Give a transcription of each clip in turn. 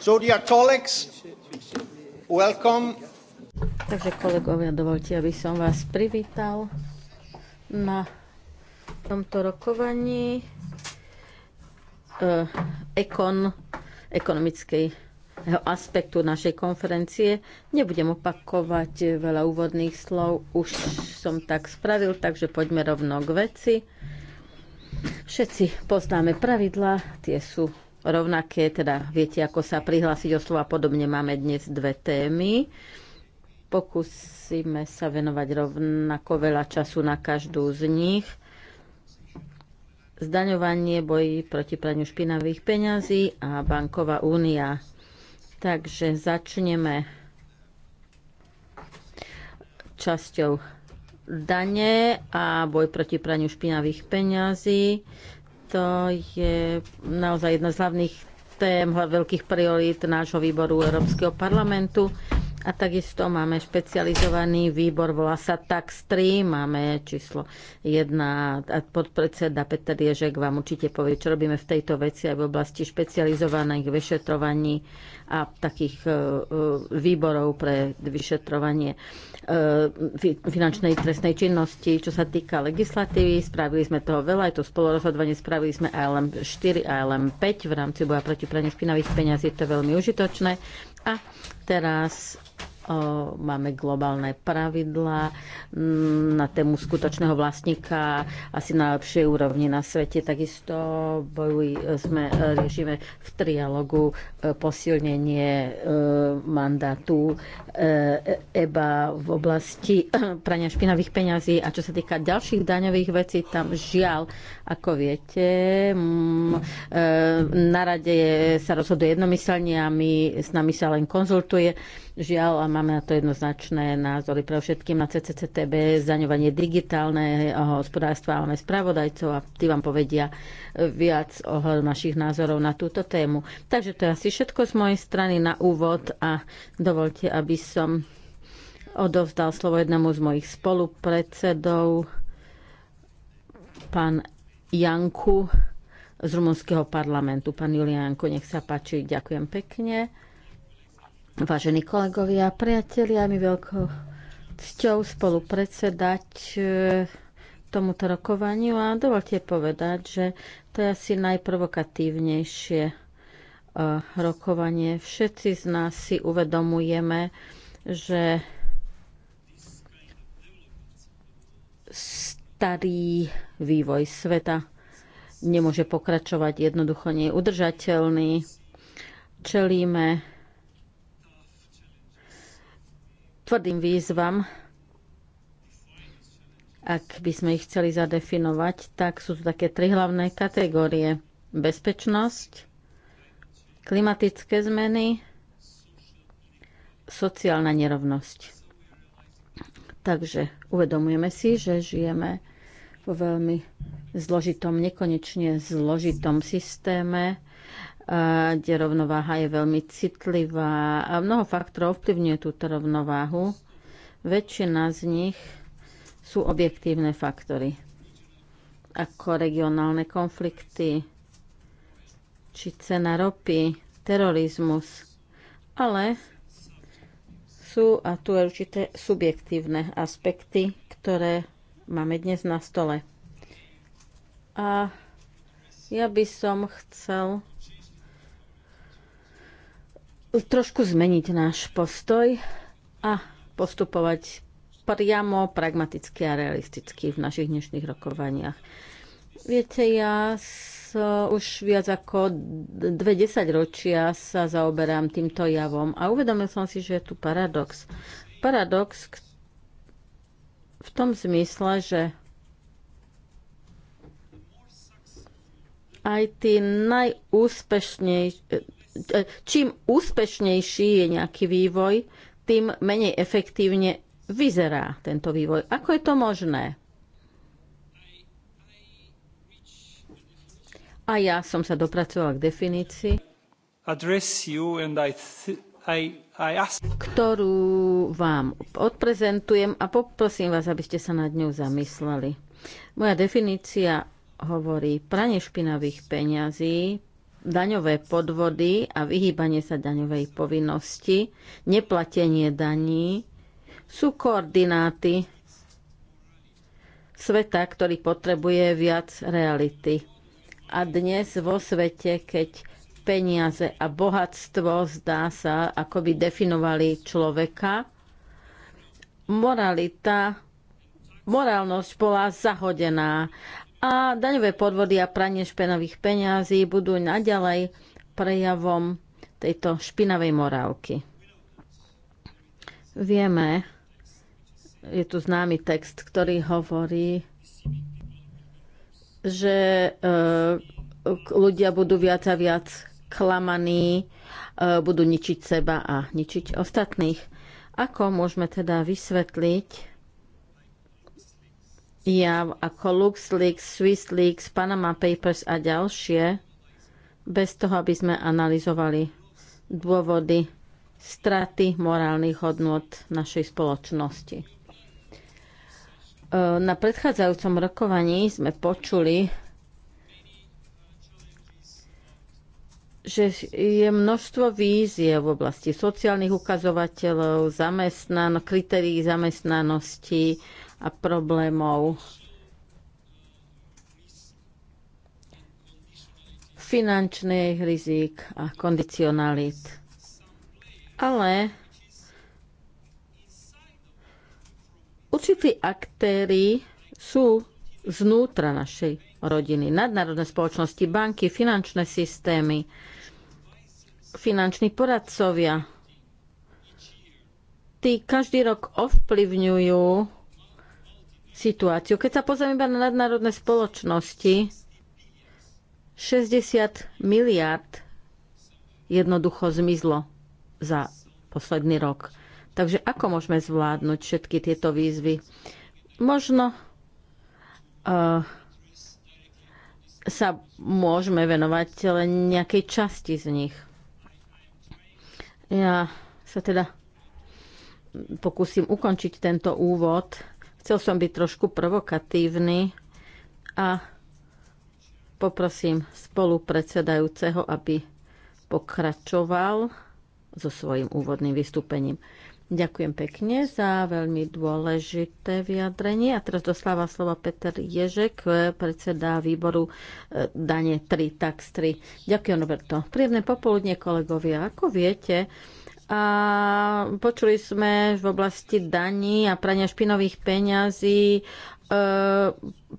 So dear colleagues, welcome. Takže kolegovia, dovolte, aby som vás privítal na tomto rokovaní eh, ekon, ekonomického aspektu našej konferencie. Nebudem opakovať veľa úvodných slov, už som tak spravil, takže poďme rovno k veci. Všetci poznáme pravidla, tie sú rovnaké, teda viete, ako sa prihlásiť o slova podobne. Máme dnes dve témy. Pokúsime sa venovať rovnako veľa času na každú z nich. Zdaňovanie, boj proti praniu špinavých peňazí a banková únia. Takže začneme časťou dane a boj proti praniu špinavých peňazí. To je naozaj jedna z hlavných tém, veľkých priorít nášho výboru Európskeho parlamentu. A takisto máme špecializovaný výbor, volá sa Tax 3, máme číslo 1 a podpredseda Peter Ježek vám určite povie, čo robíme v tejto veci aj v oblasti špecializovaných vyšetrovaní a takých e, e, výborov pre vyšetrovanie Eh, finančnej trestnej činnosti. Čo sa týka legislatívy, spravili sme toho veľa, aj to spolorozhodovanie, spravili sme ALM 4 a ALM 5 v rámci boja proti praní špinavých peňazí, to je veľmi užitočné. A teraz máme globálne pravidlá mm, na tému skutočného vlastníka asi na lepšej úrovni na svete. Takisto bojuj, sme, e, riešime v trialogu e, posilnenie e, mandátu EBA v oblasti prania špinavých peňazí a čo sa týka ďalších daňových vecí, tam žiaľ, ako viete, mm, na rade sa rozhoduje jednomyselne a my, s nami sa len konzultuje Žiaľ, a máme na to jednoznačné názory. Pre všetkým na CCCTB zdaňovanie digitálneho hospodárstva máme spravodajcov a tí vám povedia viac o našich názorov na túto tému. Takže to je asi všetko z mojej strany na úvod a dovolte, aby som odovzdal slovo jednému z mojich spolupredsedov, pán Janku z rumunského parlamentu. Pán Julianko, nech sa páči, ďakujem pekne. Vážení kolegovia priatelia, mi veľkou cťou spolu predsedať e, tomuto rokovaniu a dovolte povedať, že to je asi najprovokatívnejšie e, rokovanie. Všetci z nás si uvedomujeme, že starý vývoj sveta nemôže pokračovať, jednoducho nie je udržateľný. Čelíme tvrdým výzvam, ak by sme ich chceli zadefinovať, tak sú to také tri hlavné kategórie. Bezpečnosť, klimatické zmeny, sociálna nerovnosť. Takže uvedomujeme si, že žijeme vo veľmi zložitom, nekonečne zložitom systéme, kde rovnováha je veľmi citlivá a mnoho faktorov ovplyvňuje túto rovnováhu. Väčšina z nich sú objektívne faktory, ako regionálne konflikty, či cena ropy, terorizmus, ale sú a tu je určité subjektívne aspekty, ktoré máme dnes na stole. A ja by som chcel trošku zmeniť náš postoj a postupovať priamo, pragmaticky a realisticky v našich dnešných rokovaniach. Viete, ja so, už viac ako dve desaťročia sa zaoberám týmto javom a uvedomil som si, že je tu paradox. Paradox, ktorý v tom zmysle, že aj tí najúspešnejší, čím úspešnejší je nejaký vývoj, tým menej efektívne vyzerá tento vývoj. Ako je to možné? A ja som sa dopracovala k definícii. Address you and I th- ktorú vám odprezentujem a poprosím vás, aby ste sa nad ňou zamysleli. Moja definícia hovorí pranie špinavých peňazí, daňové podvody a vyhýbanie sa daňovej povinnosti, neplatenie daní sú koordináty sveta, ktorý potrebuje viac reality. A dnes vo svete, keď peniaze a bohatstvo, zdá sa, ako by definovali človeka. Moralita, morálnosť bola zahodená a daňové podvody a pranie špenových peňazí budú naďalej prejavom tejto špinavej morálky. Vieme, je tu známy text, ktorý hovorí, že e, ľudia budú viac a viac klamaní, e, budú ničiť seba a ničiť ostatných. Ako môžeme teda vysvetliť ja ako LuxLeaks, SwissLeaks, Panama Papers a ďalšie, bez toho, aby sme analyzovali dôvody straty morálnych hodnot našej spoločnosti. E, na predchádzajúcom rokovaní sme počuli že je množstvo vízie v oblasti sociálnych ukazovateľov, zamestnan- kritérií zamestnanosti a problémov finančných rizik a kondicionalit. Ale určití aktéry sú znútra našej rodiny, nadnárodné spoločnosti, banky, finančné systémy, finanční poradcovia. Tí každý rok ovplyvňujú situáciu. Keď sa pozrieme iba na nadnárodné spoločnosti, 60 miliard jednoducho zmizlo za posledný rok. Takže ako môžeme zvládnuť všetky tieto výzvy? Možno uh, sa môžeme venovať len nejakej časti z nich. Ja sa teda pokúsim ukončiť tento úvod. Chcel som byť trošku provokatívny a poprosím spolupredsedajúceho, aby pokračoval so svojím úvodným vystúpením. Ďakujem pekne za veľmi dôležité vyjadrenie. A teraz dostáva slova Peter Ježek, eh, predseda výboru eh, Dane 3, tax 3. Ďakujem, Roberto. Príjemné popoludne, kolegovia. Ako viete, a počuli sme v oblasti daní a prania špinových peňazí eh,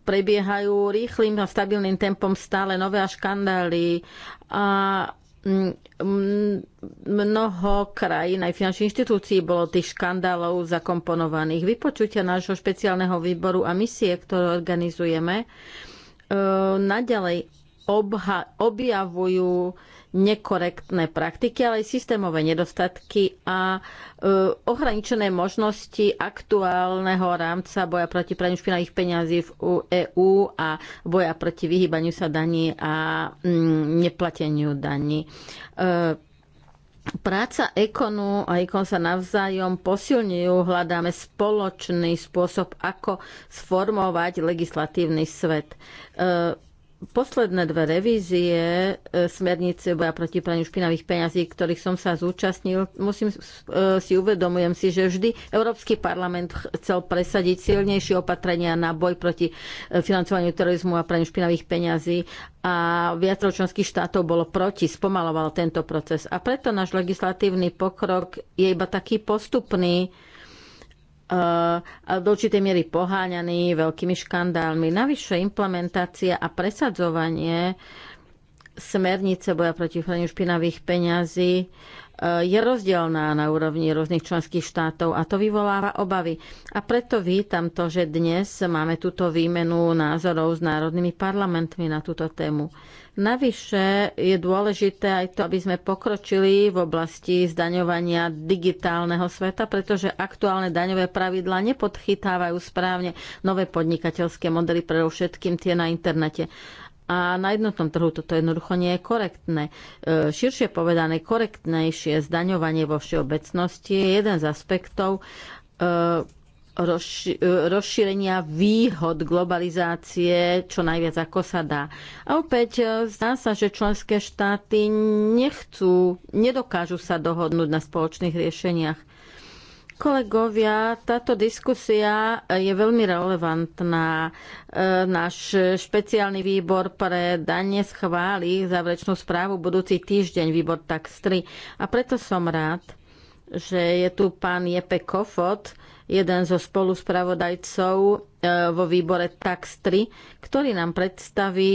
prebiehajú rýchlým a stabilným tempom stále nové a škandály. A Mm, mm, mnoho krajín, aj finančných inštitúcií bolo tých škandálov zakomponovaných. Vypočutia nášho špeciálneho výboru a misie, ktoré organizujeme, e, naďalej objavujú nekorektné praktiky, ale aj systémové nedostatky a e, ohraničené možnosti aktuálneho rámca boja proti praniu špinavých peňazí v EÚ a boja proti vyhýbaniu sa daní a mm, neplateniu daní. E, práca ekonu a ekon sa navzájom posilňujú, hľadáme spoločný spôsob, ako sformovať legislatívny svet. E, posledné dve revízie e, smernice boja proti praniu špinavých peňazí, ktorých som sa zúčastnil, musím, e, si uvedomujem si, že vždy Európsky parlament chcel presadiť silnejšie opatrenia na boj proti e, financovaniu terorizmu a praniu špinavých peňazí a viacero členských štátov bolo proti, spomaloval tento proces. A preto náš legislatívny pokrok je iba taký postupný, do určitej miery poháňaní veľkými škandálmi. Navyše implementácia a presadzovanie smernice boja proti praniu špinavých peňazí e, je rozdielná na úrovni rôznych členských štátov a to vyvoláva obavy. A preto vítam to, že dnes máme túto výmenu názorov s národnými parlamentmi na túto tému. Navyše je dôležité aj to, aby sme pokročili v oblasti zdaňovania digitálneho sveta, pretože aktuálne daňové pravidlá nepodchytávajú správne nové podnikateľské modely, pre všetkým tie na internete a na jednotnom trhu toto jednoducho nie je korektné. E, širšie povedané, korektnejšie zdaňovanie vo všeobecnosti je jeden z aspektov, e, E, rozšírenia výhod globalizácie čo najviac ako sa dá. A opäť e, zdá sa, že členské štáty nechcú, nedokážu sa dohodnúť na spoločných riešeniach. Kolegovia, táto diskusia je veľmi relevantná. E, náš špeciálny výbor pre danie schváli záverečnú správu budúci týždeň, výbor TAX 3. A preto som rád, že je tu pán Jepe Kofot, jeden zo spoluspravodajcov e, vo výbore TAX 3, ktorý nám predstaví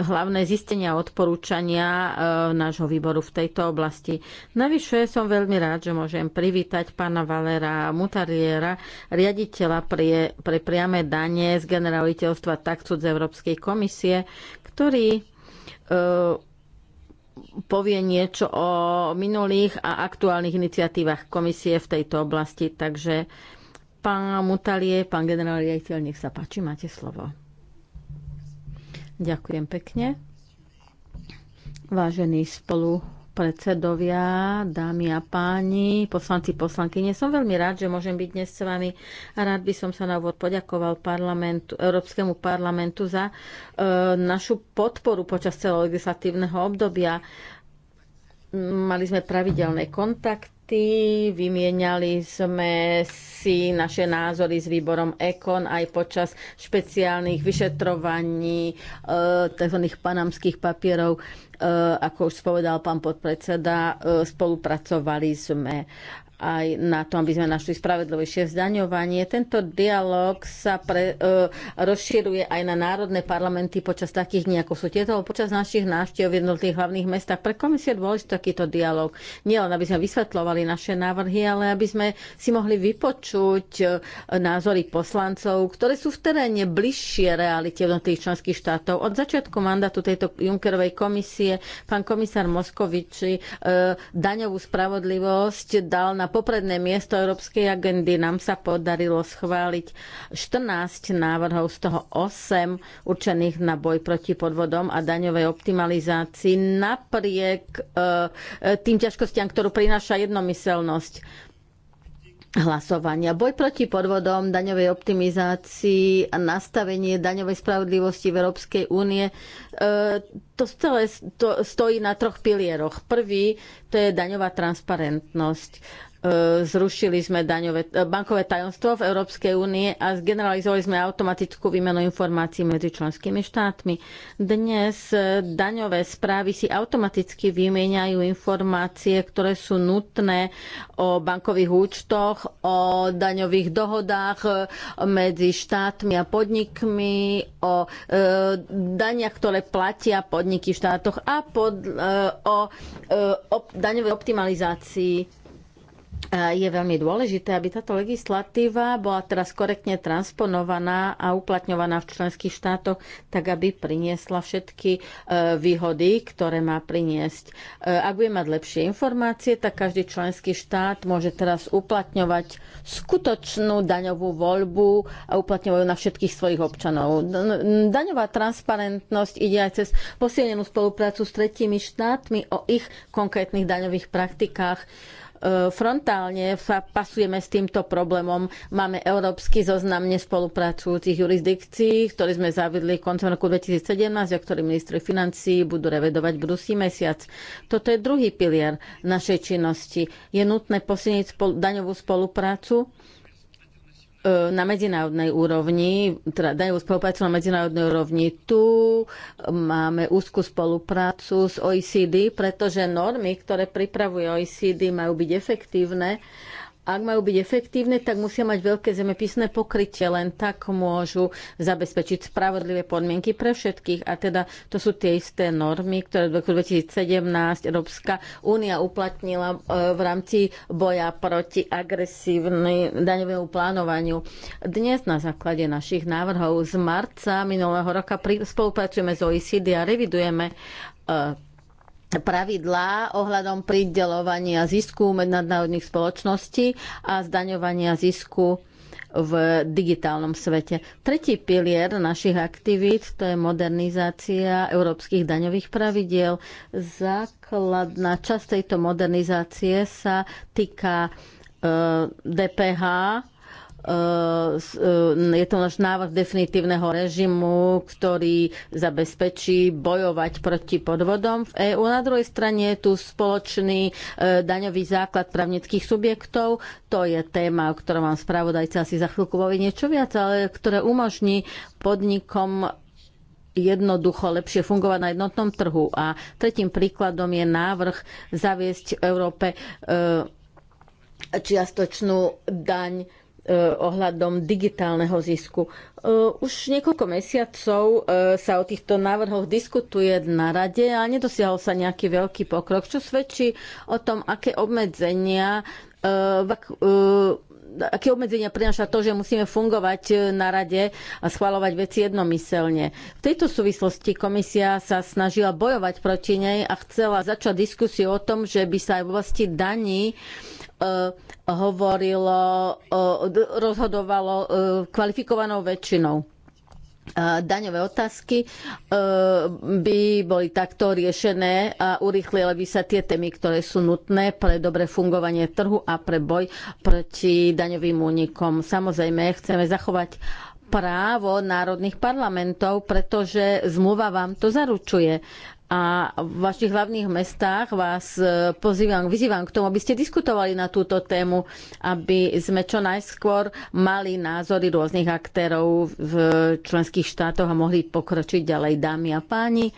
hlavné zistenia a odporúčania e, nášho výboru v tejto oblasti. Navyše som veľmi rád, že môžem privítať pána Valera Mutariera, riaditeľa pre, pre priame dane z generaliteľstva Taxud z Európskej komisie, ktorý e, povie niečo o minulých a aktuálnych iniciatívach komisie v tejto oblasti. Takže pán Mutalie, pán generál riaditeľ, nech sa páči, máte slovo. Ďakujem pekne. Vážení spolu predsedovia, dámy a páni, poslanci, poslankyne. Som veľmi rád, že môžem byť dnes s vami. A rád by som sa na úvod poďakoval parlamentu, Európskemu parlamentu za e, našu podporu počas celého legislatívneho obdobia. Mali sme pravidelné kontakty debaty, vymieniali sme si naše názory s výborom EKON aj počas špeciálnych vyšetrovaní e, tzv. panamských papierov. E, ako už spovedal pán podpredseda, e, spolupracovali sme aj na to, aby sme našli spravedlivejšie zdaňovanie. Tento dialog sa pre, e, rozširuje aj na národné parlamenty počas takých dní, ako sú tieto, počas našich návštev v jednotlivých hlavných mestách. Pre komisie je dôležitý takýto dialog. Nielen, aby sme vysvetlovali naše návrhy, ale aby sme si mohli vypočuť e, názory poslancov, ktoré sú v teréne bližšie realite jednotlivých členských štátov. Od začiatku mandátu tejto Junckerovej komisie pán komisár Moskoviči e, daňovú spravodlivosť dal na popredné miesto Európskej agendy. Nám sa podarilo schváliť 14 návrhov, z toho 8 určených na boj proti podvodom a daňovej optimalizácii napriek e, e, tým ťažkostiam, ktorú prináša jednomyselnosť hlasovania. Boj proti podvodom, daňovej optimizácii a nastavenie daňovej spravodlivosti v Európskej únie, e, to celé stojí na troch pilieroch. Prvý, to je daňová transparentnosť. E, zrušili sme daňové, e, bankové tajomstvo v Európskej únie a zgeneralizovali sme automatickú výmenu informácií medzi členskými štátmi. Dnes e, daňové správy si automaticky vymieňajú informácie, ktoré sú nutné o bankových účtoch, o daňových dohodách medzi štátmi a podnikmi, o daniach, ktoré platia podniky v štátoch a pod, o, o, o daňovej optimalizácii Eh, je veľmi dôležité, aby táto legislatíva bola teraz korektne transponovaná a uplatňovaná v členských štátoch, tak aby priniesla všetky eh, výhody, ktoré má priniesť. Eh, ak bude mať lepšie informácie, tak každý členský štát môže teraz uplatňovať skutočnú daňovú voľbu a uplatňovajú na všetkých svojich občanov. Daňová transparentnosť ide aj cez posilnenú spoluprácu s tretími štátmi o ich konkrétnych daňových praktikách E, frontálne sa pasujeme s týmto problémom. Máme európsky zoznam nespolupracujúcich jurisdikcií, ktorý sme zavedli koncom roku 2017, a ktorý ministri financí budú revedovať budúci mesiac. Toto je druhý pilier našej činnosti. Je nutné posilniť spol- daňovú spoluprácu E, na medzinárodnej úrovni, teda dajú spoluprácu na medzinárodnej úrovni. Tu máme úzkú spoluprácu s OECD, pretože normy, ktoré pripravuje OECD, majú byť efektívne ak majú byť efektívne, tak musia mať veľké zemepisné pokrytie, len tak môžu zabezpečiť spravodlivé podmienky pre všetkých. A teda to sú tie isté normy, ktoré v roku 2017 Európska únia uplatnila e, v rámci boja proti agresívnej daňovému plánovaniu. Dnes na základe našich návrhov z marca minulého roka spolupracujeme s OECD a revidujeme e, pravidlá ohľadom pridelovania zisku nadnárodných spoločností a zdaňovania zisku v digitálnom svete. Tretí pilier našich aktivít to je modernizácia európskych daňových pravidiel. Základná časť tejto modernizácie sa týka e, DPH Eh, eh, je to náš návrh definitívneho režimu, ktorý zabezpečí bojovať proti podvodom v EÚ. Na druhej strane je tu spoločný eh, daňový základ právnických subjektov. To je téma, o ktorom vám spravodajca asi za chvíľku povie niečo viac, ale ktoré umožní podnikom jednoducho lepšie fungovať na jednotnom trhu. A tretím príkladom je návrh zaviesť v Európe čiastočnú daň E, ohľadom digitálneho zisku. E, už niekoľko mesiacov e, sa o týchto návrhoch diskutuje na rade a nedosiahol sa nejaký veľký pokrok, čo svedčí o tom, aké obmedzenia aké obmedzenia prináša to, že musíme fungovať na rade a schvalovať veci jednomyselne. V tejto súvislosti komisia sa snažila bojovať proti nej a chcela začať diskusiu o tom, že by sa aj v oblasti daní Eh, hovorilo, eh, rozhodovalo eh, kvalifikovanou väčšinou daňové otázky by boli takto riešené a urýchlili by sa tie témy, ktoré sú nutné pre dobré fungovanie trhu a pre boj proti daňovým únikom. Samozrejme, chceme zachovať právo národných parlamentov, pretože zmluva vám to zaručuje a v vašich hlavných mestách vás e, pozývam, vyzývam k tomu, aby ste diskutovali na túto tému, aby sme čo najskôr mali názory rôznych aktérov v členských štátoch a mohli pokročiť ďalej, dámy a páni.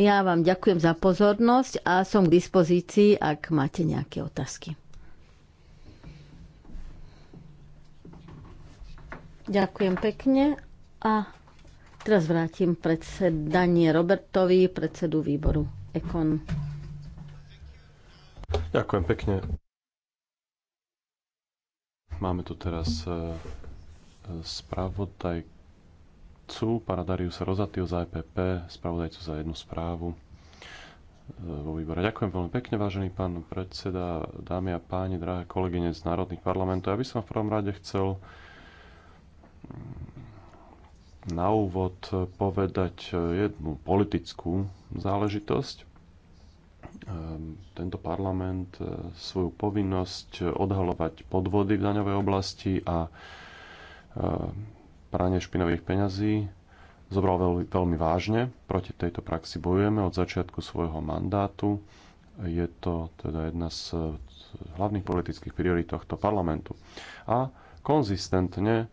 Ja vám ďakujem za pozornosť a som k dispozícii, ak máte nejaké otázky. Ďakujem pekne a Teraz vrátim predsedanie Robertovi, predsedu výboru Ekon. Ďakujem pekne. Máme tu teraz e, spravodajcu Paradariusa Rozatio za EPP, spravodajcu za jednu správu e, vo výbore. Ďakujem veľmi pekne, vážený pán predseda, dámy a páni, drahé kolegyne z národných parlamentov. Ja by som v prvom rade chcel na úvod povedať jednu politickú záležitosť. Ehm, tento parlament e, svoju povinnosť odhalovať podvody v daňovej oblasti a e, pranie špinových peňazí zobral veľmi, veľmi vážne. Proti tejto praxi bojujeme od začiatku svojho mandátu. Je to teda jedna z hlavných politických priorít tohto parlamentu. A konzistentne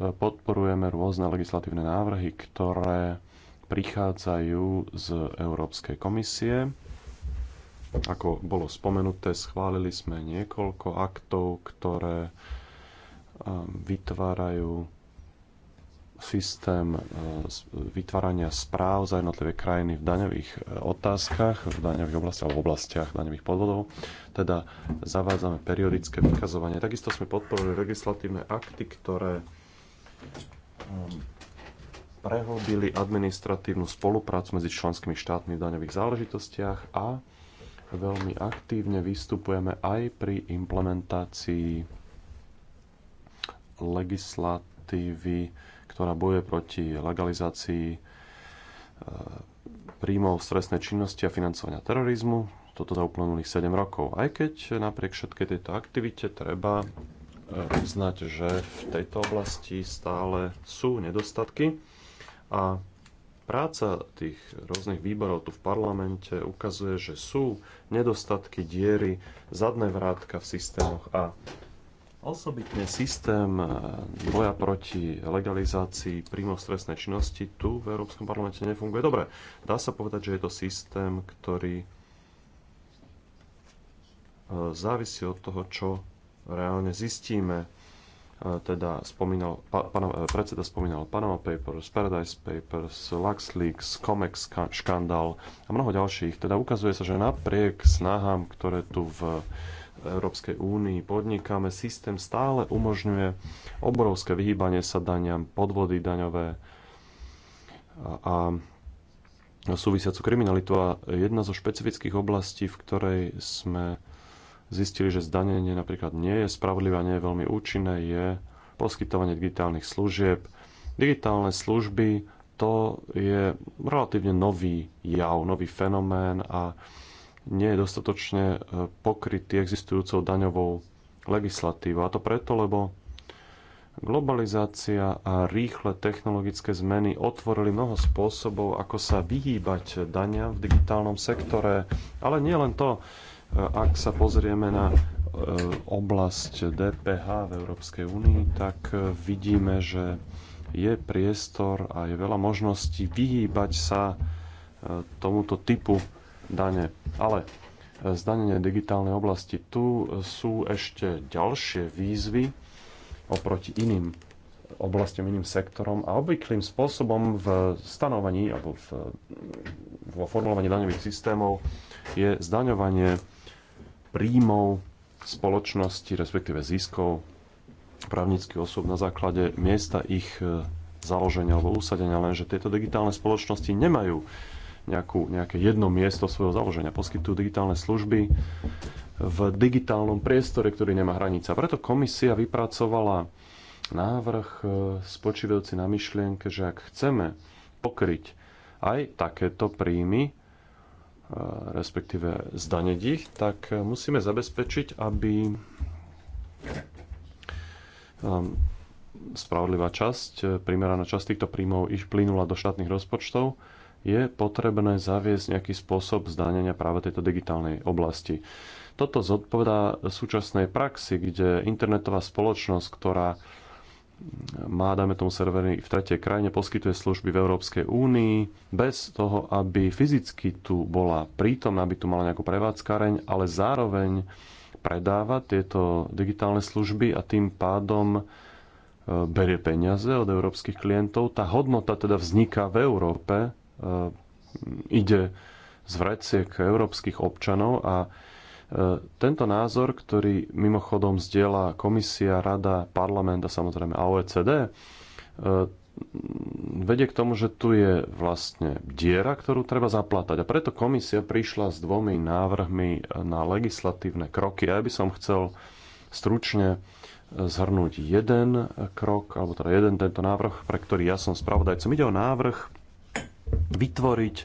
podporujeme rôzne legislatívne návrhy, ktoré prichádzajú z Európskej komisie. Ako bolo spomenuté, schválili sme niekoľko aktov, ktoré um, vytvárajú systém uh, vytvárania správ za jednotlivé krajiny v daňových uh, otázkach, v daňových oblastiach alebo v oblastiach daňových podvodov. Teda zavádzame periodické vykazovanie. Takisto sme podporili legislatívne akty, ktoré prehlbili administratívnu spoluprácu medzi členskými štátmi v daňových záležitostiach a veľmi aktívne vystupujeme aj pri implementácii legislatívy, ktorá bojuje proti legalizácii e, príjmov stresnej činnosti a financovania terorizmu. Toto za uplynulých 7 rokov. Aj keď napriek všetkej tejto aktivite treba uznať, že v tejto oblasti stále sú nedostatky a práca tých rôznych výborov tu v parlamente ukazuje, že sú nedostatky, diery, zadné vrátka v systémoch a osobitne systém e, boja proti legalizácii príjmov stresnej činnosti tu v Európskom parlamente nefunguje dobre. Dá sa povedať, že je to systém, ktorý e, závisí od toho, čo reálne zistíme. E, teda spomínal, pa, pan, e, predseda spomínal Panama Papers, Paradise Papers, LuxLeaks, Comex škandál a mnoho ďalších. Teda ukazuje sa, že napriek snahám, ktoré tu v Európskej únii podnikáme, systém stále umožňuje obrovské vyhýbanie sa daniam, podvody daňové a, a súvisiacu kriminalitu. A jedna zo špecifických oblastí, v ktorej sme zistili, že zdanenie napríklad nie je spravodlivé a nie je veľmi účinné, je poskytovanie digitálnych služieb. Digitálne služby to je relatívne nový jav, nový fenomén a nie je dostatočne e, pokrytý existujúcou daňovou legislatívou. A to preto, lebo globalizácia a rýchle technologické zmeny otvorili mnoho spôsobov, ako sa vyhýbať dania v digitálnom sektore. Ale nie len to. Ak sa pozrieme na e, oblasť DPH v Európskej únii, tak e, vidíme, že je priestor a je veľa možností vyhýbať sa e, tomuto typu dane. Ale zdanenie digitálnej oblasti tu sú ešte ďalšie výzvy oproti iným oblastiam, iným sektorom a obvyklým spôsobom v stanovaní alebo v, vo formulovaní daňových systémov je zdaňovanie príjmov spoločnosti, respektíve ziskov právnických osôb na základe miesta ich e, založenia alebo usadenia, lenže tieto digitálne spoločnosti nemajú nejakú, nejaké jedno miesto svojho založenia. Poskytujú digitálne služby v digitálnom priestore, ktorý nemá hranica. Preto komisia vypracovala návrh e, spočívajúci na myšlienke, že ak chceme pokryť aj takéto príjmy, respektíve zdaneť ich, tak e, musíme zabezpečiť, aby ehm, spravodlivá časť, e, primeraná časť týchto príjmov ich plynula do štátnych rozpočtov, je potrebné zaviesť nejaký spôsob zdanenia práve tejto digitálnej oblasti. Toto zodpovedá súčasnej praxi, kde internetová spoločnosť, ktorá má, dáme tomu servery v tretej krajine, poskytuje služby v Európskej únii bez toho, aby fyzicky tu bola prítomná, aby tu mala nejakú prevádzkareň, ale zároveň predáva tieto digitálne služby a tým pádom e, berie peniaze od európskych klientov. Tá hodnota teda vzniká v Európe, e, ide z vreciek európskych občanov a tento názor, ktorý mimochodom zdieľa komisia, rada, parlament a samozrejme OECD, e, vedie k tomu, že tu je vlastne diera, ktorú treba zaplatať. A preto komisia prišla s dvomi návrhmi na legislatívne kroky. A ja by som chcel stručne e, zhrnúť jeden krok, alebo teda jeden tento návrh, pre ktorý ja som spravodajcom. Ide o návrh vytvoriť e,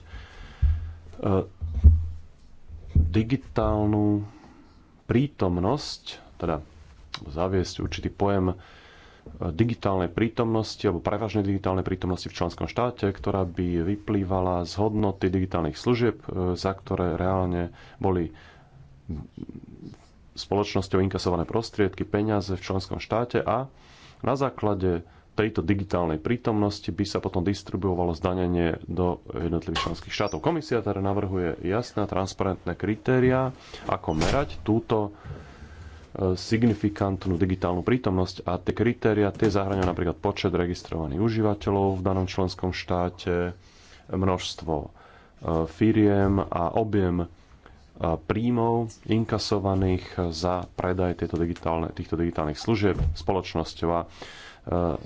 digitálnu prítomnosť, teda zaviesť určitý pojem e, digitálnej prítomnosti alebo prevažnej digitálnej prítomnosti v členskom štáte, ktorá by vyplývala z hodnoty digitálnych služieb, e, za ktoré reálne boli spoločnosťou inkasované prostriedky, peniaze v členskom štáte a na základe tejto digitálnej prítomnosti by sa potom distribuovalo zdanenie do jednotlivých členských štátov. Komisia teda navrhuje jasné a transparentné kritéria, ako merať túto e, signifikantnú digitálnu prítomnosť a tie kritéria tie zahrania napríklad počet registrovaných užívateľov v danom členskom štáte, množstvo e, firiem a objem e, príjmov inkasovaných za predaj digitálne, týchto digitálnych služieb spoločnosťou. A Ehm,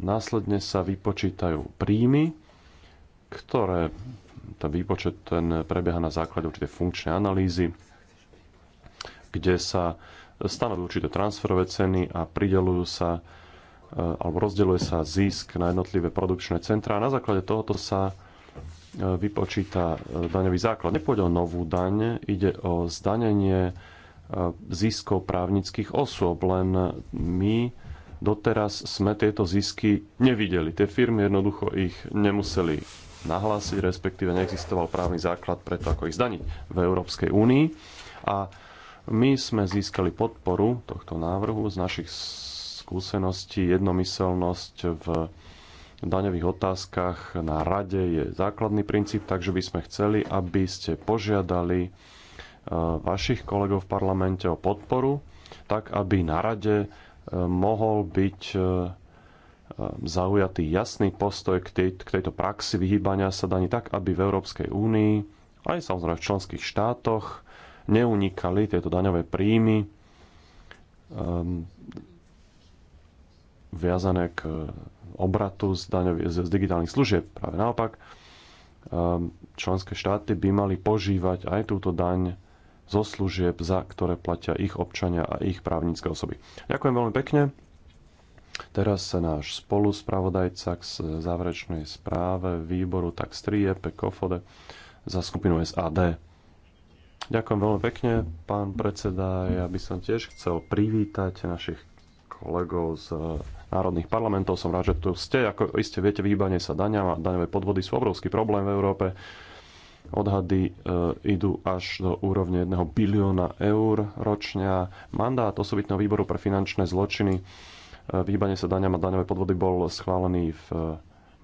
následne sa vypočítajú príjmy, ktoré ten výpočet ten prebieha na základe určitej funkčnej analýzy, kde sa stanovujú určité transferové ceny a pridelujú sa ehm, alebo rozdeľuje sa zisk na jednotlivé produkčné centrá. Na základe tohoto sa ehm, vypočíta daňový základ. Nepôjde o novú daň, ide o zdanenie ziskov právnických osôb, len my Doteraz sme tieto zisky nevideli. Tie firmy jednoducho ich nemuseli nahlásiť, respektíve neexistoval právny základ preto, ako ich zdaniť v Európskej únii. A my sme získali podporu tohto návrhu z našich skúseností, jednomyselnosť v daňových otázkach na rade je základný princíp, takže by sme chceli, aby ste požiadali e, vašich kolegov v parlamente o podporu, tak aby na rade mohol byť e, e, zaujatý jasný postoj k, tej, k tejto praxi vyhýbania sa daní tak, aby v Európskej únii, aj samozrejme v členských štátoch, neunikali tieto daňové príjmy um, viazané k obratu z, daňový, z, z digitálnych služieb. Práve naopak, um, členské štáty by mali požívať aj túto daň zo služieb, za ktoré platia ich občania a ich právnické osoby. Ďakujem veľmi pekne. Teraz sa náš spoluspravodajca k záverečnej správe výboru tak strie Pekofode za skupinu SAD. Ďakujem veľmi pekne, pán predseda. Ja by som tiež chcel privítať našich kolegov z eh, národných parlamentov. Som rád, že tu ste. Ako iste viete, výbanie sa daňa a daňové podvody sú obrovský problém v Európe. Odhady e, idú až do úrovne 1 bilióna eur ročne. Mandát osobitného výboru pre finančné zločiny e, výbanie sa daňam a daňové podvody bol schválený v e,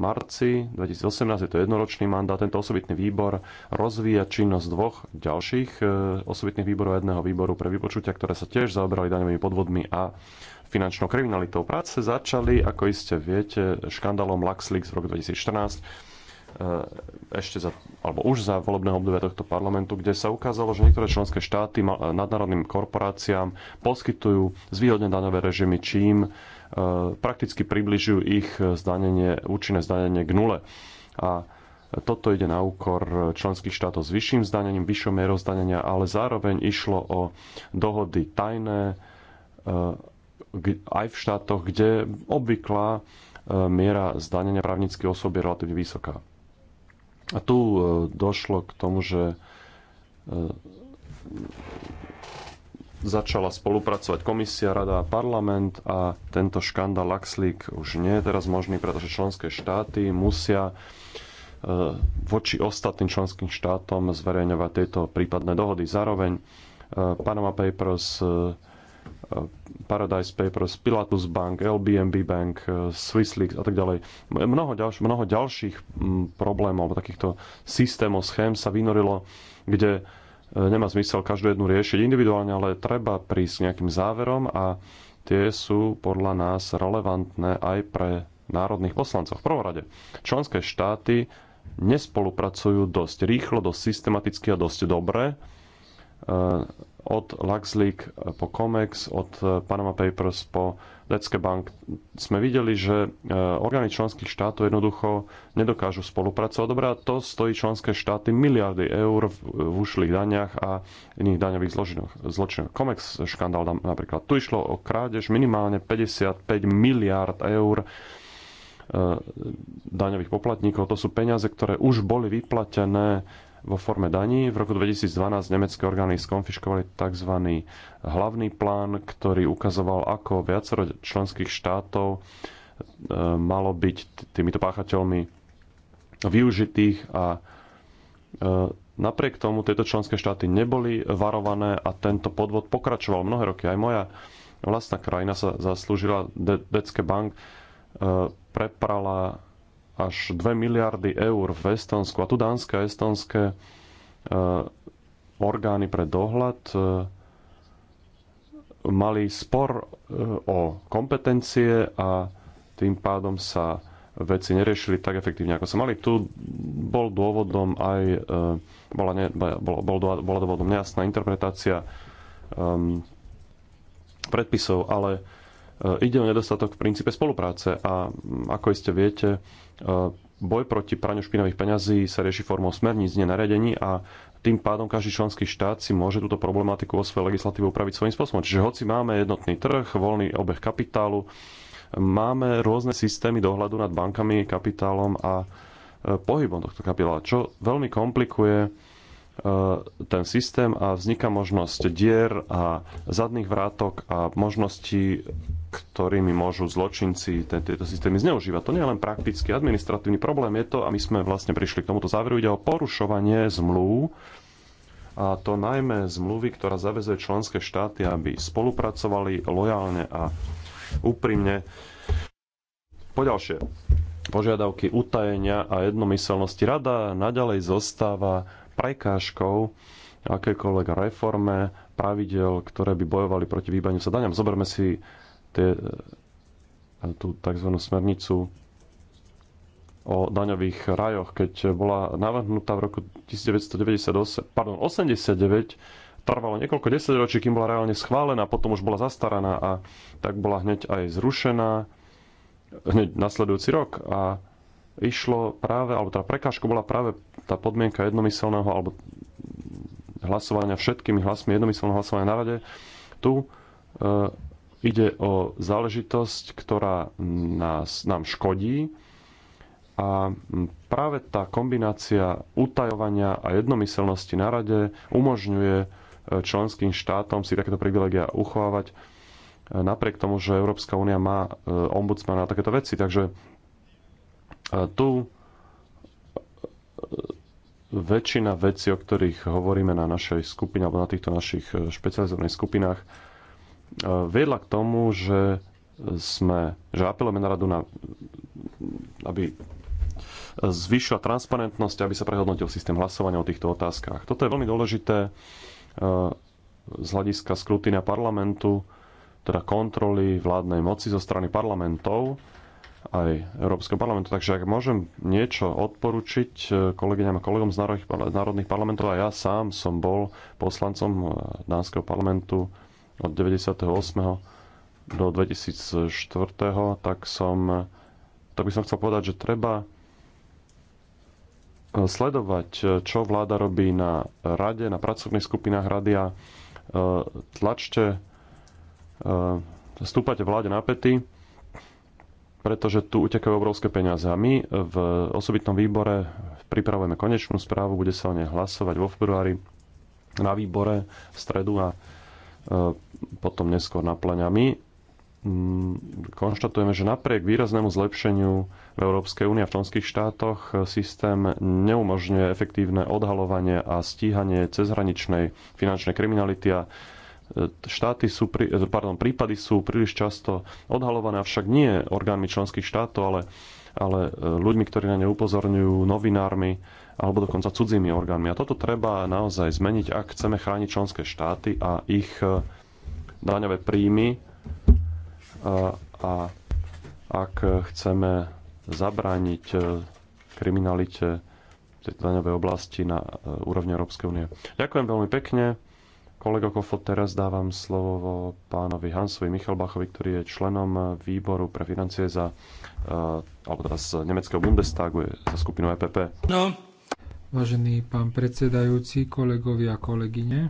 marci 2018, je to jednoročný mandát. Tento osobitný výbor rozvíja činnosť dvoch ďalších osobitných výborov a jedného výboru pre vypočutia, ktoré sa tiež zaoberali daňovými podvodmi a finančnou kriminalitou. Práce začali, ako iste viete, škandálom LuxLeaks v roku 2014 E, ešte za, alebo už za volebného obdobia tohto parlamentu, kde sa ukázalo, že niektoré členské štáty e, nadnárodným korporáciám poskytujú zvýhodne daňové režimy, čím e, prakticky približujú ich zdanenie, účinné zdanenie k nule. A toto ide na úkor členských štátov s vyšším zdanením, vyššou mierou zdanenia, ale zároveň išlo o dohody tajné aj v štátoch, kde obvyklá miera zdanenia právnických osôb je relatívne vysoká. A tu e, došlo k tomu, že e, začala spolupracovať komisia, rada a parlament a tento škandál Laxlík už nie je teraz možný, pretože členské štáty musia e, voči ostatným členským štátom zverejňovať tieto prípadné dohody. Zároveň Panama Papers Paradise Papers, Pilatus Bank, LBMB Bank, eh, Swissleaks a tak ďalej. Mnoho, ďalš- mnoho ďalších mm, problémov, takýchto systémov, schém sa vynorilo, kde eh, nemá zmysel každú jednu riešiť individuálne, ale treba prísť nejakým záverom a tie sú podľa nás relevantné aj pre národných poslancov. V prvom rade, členské štáty nespolupracujú dosť rýchlo, dosť systematicky a dosť dobre eh, od Luxleak po Comex, od eh, Panama Papers po Detske Bank sme videli, že eh, orgány členských štátov jednoducho nedokážu spolupracovať. Dobre, a to stojí členské štáty miliardy eur v ušlých daniach a iných daňových zločinoch. Comex škandál napríklad. Tu išlo o krádež minimálne 55 miliard eur eh, daňových poplatníkov. To sú peniaze, ktoré už boli vyplatené vo forme daní. V roku 2012 nemecké orgány skonfiškovali tzv. hlavný plán, ktorý ukazoval, ako viacero členských štátov e, malo byť týmito páchateľmi využitých a e, napriek tomu tieto členské štáty neboli varované a tento podvod pokračoval mnohé roky. Aj moja vlastná krajina sa zaslúžila, Detske Bank e, preprala až 2 miliardy eur v Estonsku. A tu dánske a estonské e, orgány pre dohľad e, mali spor e, o kompetencie a tým pádom sa veci neriešili tak efektívne, ako sa mali. Tu bol dôvodom aj, bola, ne, bol, bol, bola dôvodom nejasná interpretácia predpisov, ale E, ide o nedostatok v princípe spolupráce a ako iste viete, e, boj proti praniu špinavých peňazí sa rieši formou smerníc, nie nariadení a tým pádom každý členský štát si môže túto problematiku vo svojej legislatíve upraviť svojím spôsobom. Čiže hoci máme jednotný trh, voľný obeh kapitálu, máme rôzne systémy dohľadu nad bankami, kapitálom a e, pohybom tohto kapitála, čo veľmi komplikuje ten systém a vzniká možnosť dier a zadných vrátok a možnosti ktorými môžu zločinci tieto systémy zneužívať. To nie je len praktický administratívny problém, je to, a my sme vlastne prišli k tomuto záveru, ide o porušovanie zmluv, a to najmä zmluvy, ktorá zavezuje členské štáty, aby spolupracovali lojálne a úprimne. Poďalšie, požiadavky utajenia a jednomyselnosti rada naďalej zostáva prekážkou akékoľvek reforme pravidel, ktoré by bojovali proti výbaniu sa daňam. Zoberme si tie, e, tú tzv. smernicu o daňových rajoch, keď bola navrhnutá v roku 1998, pardon, 89, trvalo niekoľko desaťročí, kým bola reálne schválená, potom už bola zastaraná a tak bola hneď aj zrušená hneď nasledujúci rok a išlo práve, alebo tá prekážka bola práve tá podmienka jednomyselného alebo hlasovania všetkými hlasmi, jednomyselného hlasovania na rade. Tu e, Ide o záležitosť, ktorá nás, nám škodí a práve tá kombinácia utajovania a jednomyselnosti na rade umožňuje e, členským štátom si takéto privilegia uchovávať e, napriek tomu, že Európska únia má e, ombudsmana a takéto veci. Takže tu väčšina vecí, o ktorých hovoríme na našej skupine alebo na týchto našich špecializovaných skupinách, E, viedla k tomu, že sme, že apelujeme na radu, na, aby zvýšila transparentnosť, aby sa prehodnotil systém hlasovania o týchto otázkach. Toto je veľmi dôležité e, z hľadiska skrutínia parlamentu, teda kontroly vládnej moci zo strany parlamentov, aj Európskeho parlamentu. Takže ak môžem niečo odporučiť e, kolegyňam a kolegom z národných parlamentov, a ja sám som bol poslancom Dánskeho parlamentu od 98. do 2004. tak som tak by som chcel povedať, že treba sledovať, čo vláda robí na rade, na pracovných skupinách rady a e, tlačte, e, stúpate vláde na pety, pretože tu utekajú obrovské peniaze. A my v osobitnom výbore pripravujeme konečnú správu, bude sa o nej hlasovať vo februári na výbore v stredu a E, potom neskôr naplňami mm, konštatujeme, že napriek výraznému zlepšeniu v Európskej únie a v členských štátoch e, systém neumožňuje efektívne odhalovanie a stíhanie cezhraničnej finančnej kriminality a e, štáty sú, pardon, prípady sú príliš často odhalované, avšak nie orgánmi členských štátov, ale, ale ľuďmi, ktorí na ne upozorňujú, novinármi alebo dokonca cudzími orgánmi. A toto treba naozaj zmeniť, ak chceme chrániť členské štáty a ich e, daňové príjmy a, e, a ak chceme zabrániť e, kriminalite v tejto daňovej oblasti na úrovni Európskej únie. Ďakujem veľmi pekne. Kolego Kofo, teraz dávam slovo pánovi Hansovi Michalbachovi, ktorý je členom výboru pre financie za, alebo teda z nemeckého Bundestagu, za skupinu EPP. No, Vážený pán predsedajúci, kolegovia a kolegyne,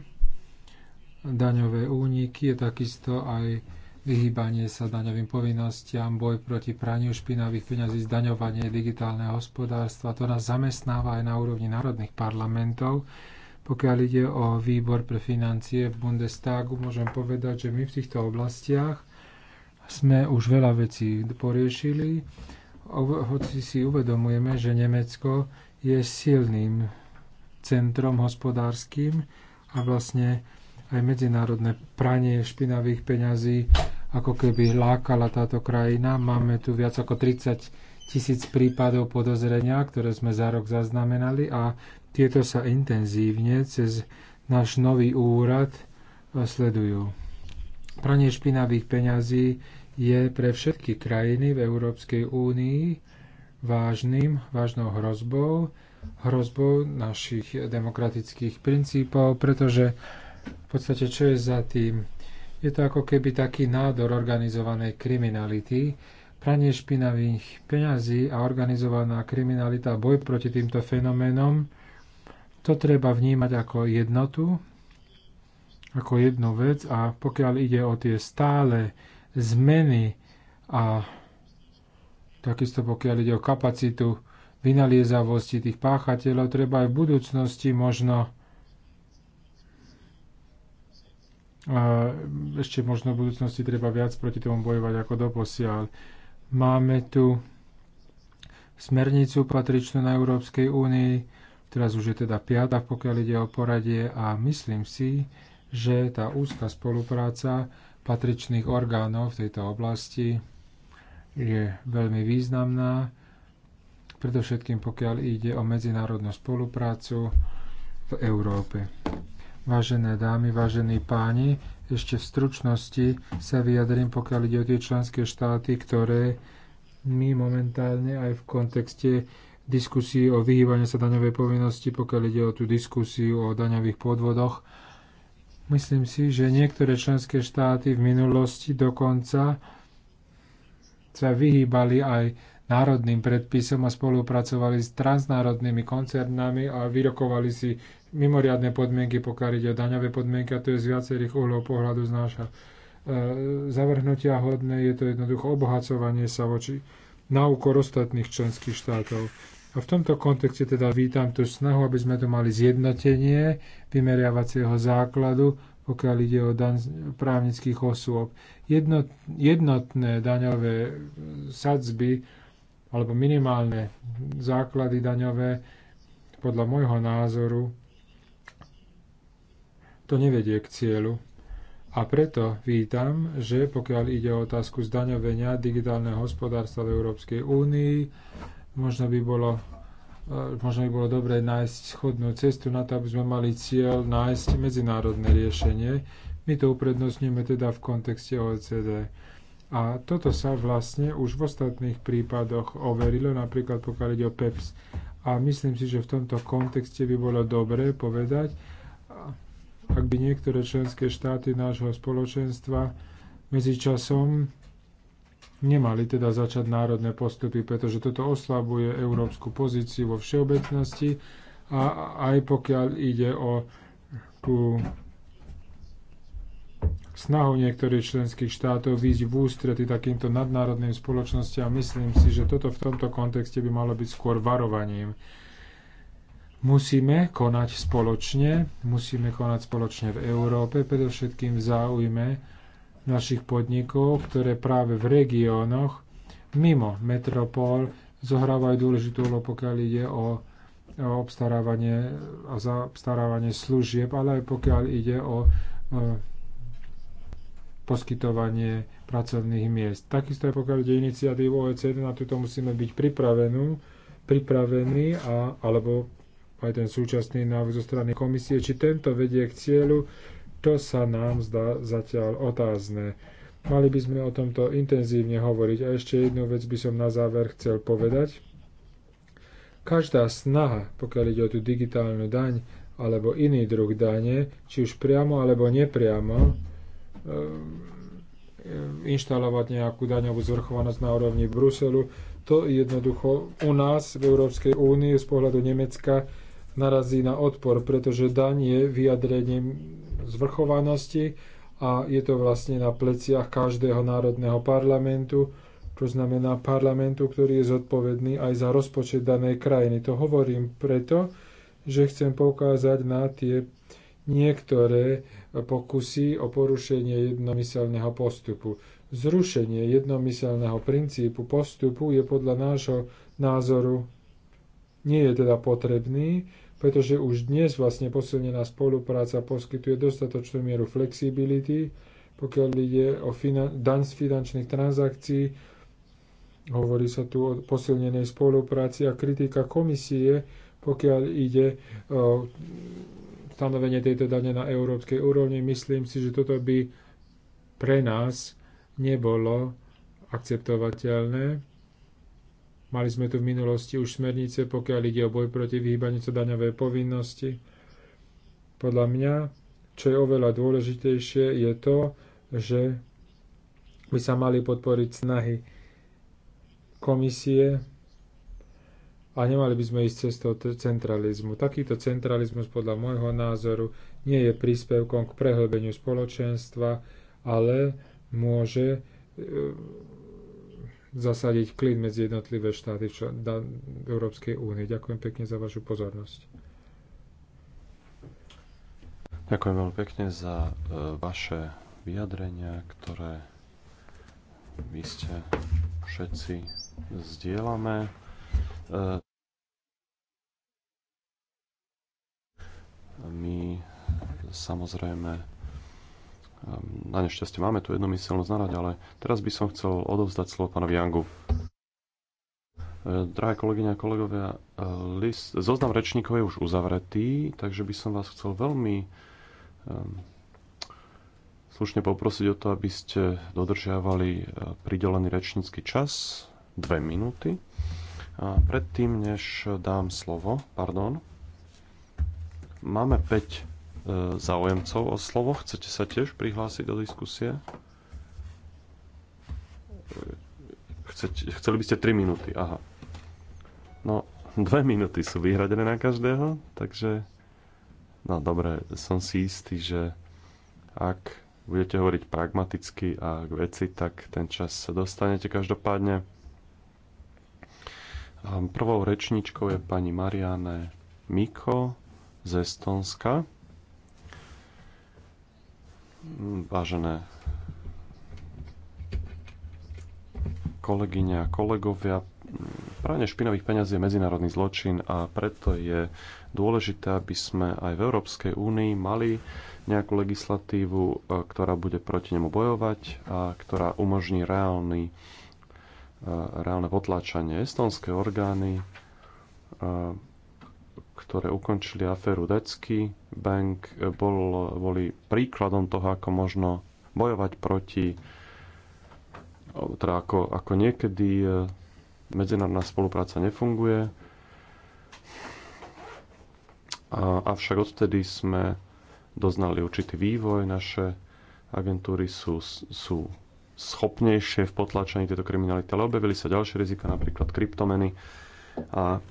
daňové úniky je takisto aj vyhýbanie sa daňovým povinnostiam, boj proti praniu špinavých peňazí, zdaňovanie digitálneho hospodárstva. To nás zamestnáva aj na úrovni národných parlamentov. Pokiaľ ide o výbor pre financie v Bundestagu, môžem povedať, že my v týchto oblastiach sme už veľa vecí poriešili, hoci si uvedomujeme, že Nemecko je silným centrom hospodárským a vlastne aj medzinárodné pranie špinavých peňazí ako keby lákala táto krajina. Máme tu viac ako 30 tisíc prípadov podozrenia, ktoré sme za rok zaznamenali a tieto sa intenzívne cez náš nový úrad eh, sledujú. Pranie špinavých peňazí je pre všetky krajiny v Európskej únii vážnym, vážnou hrozbou, hrozbou našich demokratických princípov, pretože v podstate čo je za tým? Je to ako keby taký nádor organizovanej kriminality, pranie špinavých peňazí a organizovaná kriminalita, boj proti týmto fenoménom, to treba vnímať ako jednotu, ako jednu vec a pokiaľ ide o tie stále zmeny a Takisto pokiaľ ide o kapacitu vynaliezavosti tých páchateľov, treba aj v budúcnosti možno ešte možno v budúcnosti treba viac proti tomu bojovať ako doposiaľ. Máme tu smernicu patričnú na Európskej únii, teraz už je teda piata, pokiaľ ide o poradie a myslím si, že tá úzka spolupráca patričných orgánov v tejto oblasti je veľmi významná, predovšetkým pokiaľ ide o medzinárodnú spoluprácu v Európe. Vážené dámy, vážení páni, ešte v stručnosti sa vyjadrím, pokiaľ ide o tie členské štáty, ktoré my momentálne aj v kontexte diskusie o vyhýbaní sa daňovej povinnosti, pokiaľ ide o tú diskusiu o daňových podvodoch, myslím si, že niektoré členské štáty v minulosti dokonca sa vyhýbali aj národným predpisom a spolupracovali s transnárodnými koncernami a vyrokovali si mimoriadne podmienky, pokiaľ ide o daňové podmienky a to je z viacerých uhlov pohľadu z nášho e, zavrhnutia hodné, je to jednoducho obohacovanie sa voči na úkor ostatných členských štátov. A v tomto kontexte teda vítam tú snahu, aby sme tu mali zjednotenie vymeriavacieho základu pokiaľ ide o dan právnických osôb. Jednot, jednotné daňové sadzby alebo minimálne základy daňové podľa môjho názoru to nevedie k cieľu. A preto vítam, že pokiaľ ide o otázku zdaňovenia digitálneho hospodárstva v Európskej únii, možno by bolo E, možno by bolo dobré nájsť schodnú cestu na to, aby sme mali cieľ nájsť medzinárodné riešenie. My to uprednostňujeme teda v kontexte OECD. A toto sa vlastne už v ostatných prípadoch overilo, napríklad pokiaľ ide o PEPS. A myslím si, že v tomto kontexte by bolo dobré povedať, ak by niektoré členské štáty nášho spoločenstva medzi časom nemali teda začať národné postupy, pretože toto oslabuje európsku pozíciu vo všeobecnosti a aj pokiaľ ide o tú snahu niektorých členských štátov výjsť v ústrety takýmto nadnárodným spoločnostiam, myslím si, že toto v tomto kontexte by malo byť skôr varovaním. Musíme konať spoločne, musíme konať spoločne v Európe, predovšetkým v záujme našich podnikov, ktoré práve v regiónoch mimo metropol zohrávajú dôležitú úlohu, pokiaľ ide o, o obstarávanie a zaobstarávanie služieb, ale aj pokiaľ ide o, o poskytovanie pracovných miest. Takisto aj pokiaľ ide iniciatívu OECD, na túto musíme byť pripravenú, pripravení a, alebo aj ten súčasný návrh zo strany komisie, či tento vedie k cieľu to sa nám zdá zatiaľ otázne. Mali by sme o tomto intenzívne hovoriť. A ešte jednu vec by som na záver chcel povedať. Každá snaha, pokiaľ ide o tú digitálnu daň alebo iný druh dane, či už priamo alebo nepriamo, e, e, inštalovať nejakú daňovú zvrchovanosť na úrovni Bruselu. To jednoducho u nás v Európskej únii z pohľadu Nemecka narazí na odpor, pretože daň je vyjadrením zvrchovanosti a je to vlastne na pleciach každého národného parlamentu, to znamená parlamentu, ktorý je zodpovedný aj za rozpočet danej krajiny. To hovorím preto, že chcem poukázať na tie niektoré pokusy o porušenie jednomyselného postupu. Zrušenie jednomyselného princípu postupu je podľa nášho názoru nie je teda potrebný, pretože už dnes vlastne posilnená spolupráca poskytuje dostatočnú mieru flexibility, pokiaľ ide o finan- daň z finančných transakcií, hovorí sa tu o posilnenej spolupráci a kritika komisie, pokiaľ ide o stanovenie tejto dane na európskej úrovni. Myslím si, že toto by pre nás nebolo akceptovateľné. Mali sme tu v minulosti už smernice, pokiaľ ide o boj proti vyhýbaniu sa daňové povinnosti. Podľa mňa, čo je oveľa dôležitejšie, je to, že by sa mali podporiť snahy komisie a nemali by sme ísť cestou centralizmu. Takýto centralizmus podľa môjho názoru nie je príspevkom k prehlbeniu spoločenstva, ale môže e, zasadiť klid medzi jednotlivé štáty da, Európskej únie. Ďakujem pekne za vašu pozornosť. Ďakujem veľmi pekne za e, vaše vyjadrenia, ktoré vy ste všetci zdieľame. E, my samozrejme Ehm, na nešťastie máme tu jednomyselnosť narať, ale teraz by som chcel odovzdať slovo pánovi Jangu. E, drahé kolegyne a kolegovia, e, list, zoznam rečníkov je už uzavretý, takže by som vás chcel veľmi um, slušne poprosiť o to, aby ste dodržiavali e, pridelený rečnícky čas, dve minúty. A predtým, než dám slovo, pardon, máme 5 záujemcov o slovo. Chcete sa tiež prihlásiť do diskusie? Chcete, chceli by ste 3 minúty, aha. No, 2 minúty sú vyhradené na každého, takže... No dobre, som si istý, že ak budete hovoriť pragmaticky a k veci, tak ten čas sa dostanete každopádne. Um, prvou rečničkou je pani Marianne Miko z Estonska. Vážené kolegyne a kolegovia, pranie špinavých peňazí je medzinárodný zločin a preto je dôležité, aby sme aj v Európskej únii mali nejakú legislatívu, e, ktorá bude proti nemu bojovať a ktorá umožní reálny, e, reálne potláčanie. Estonské orgány e, ktoré ukončili aféru Decky Bank, bol, boli príkladom toho, ako možno bojovať proti teda ako, ako niekedy e, medzinárodná spolupráca nefunguje. A, avšak odtedy sme doznali určitý vývoj, naše agentúry sú, sú schopnejšie v potlačení tejto kriminality, ale objavili sa ďalšie rizika, napríklad kryptomeny. A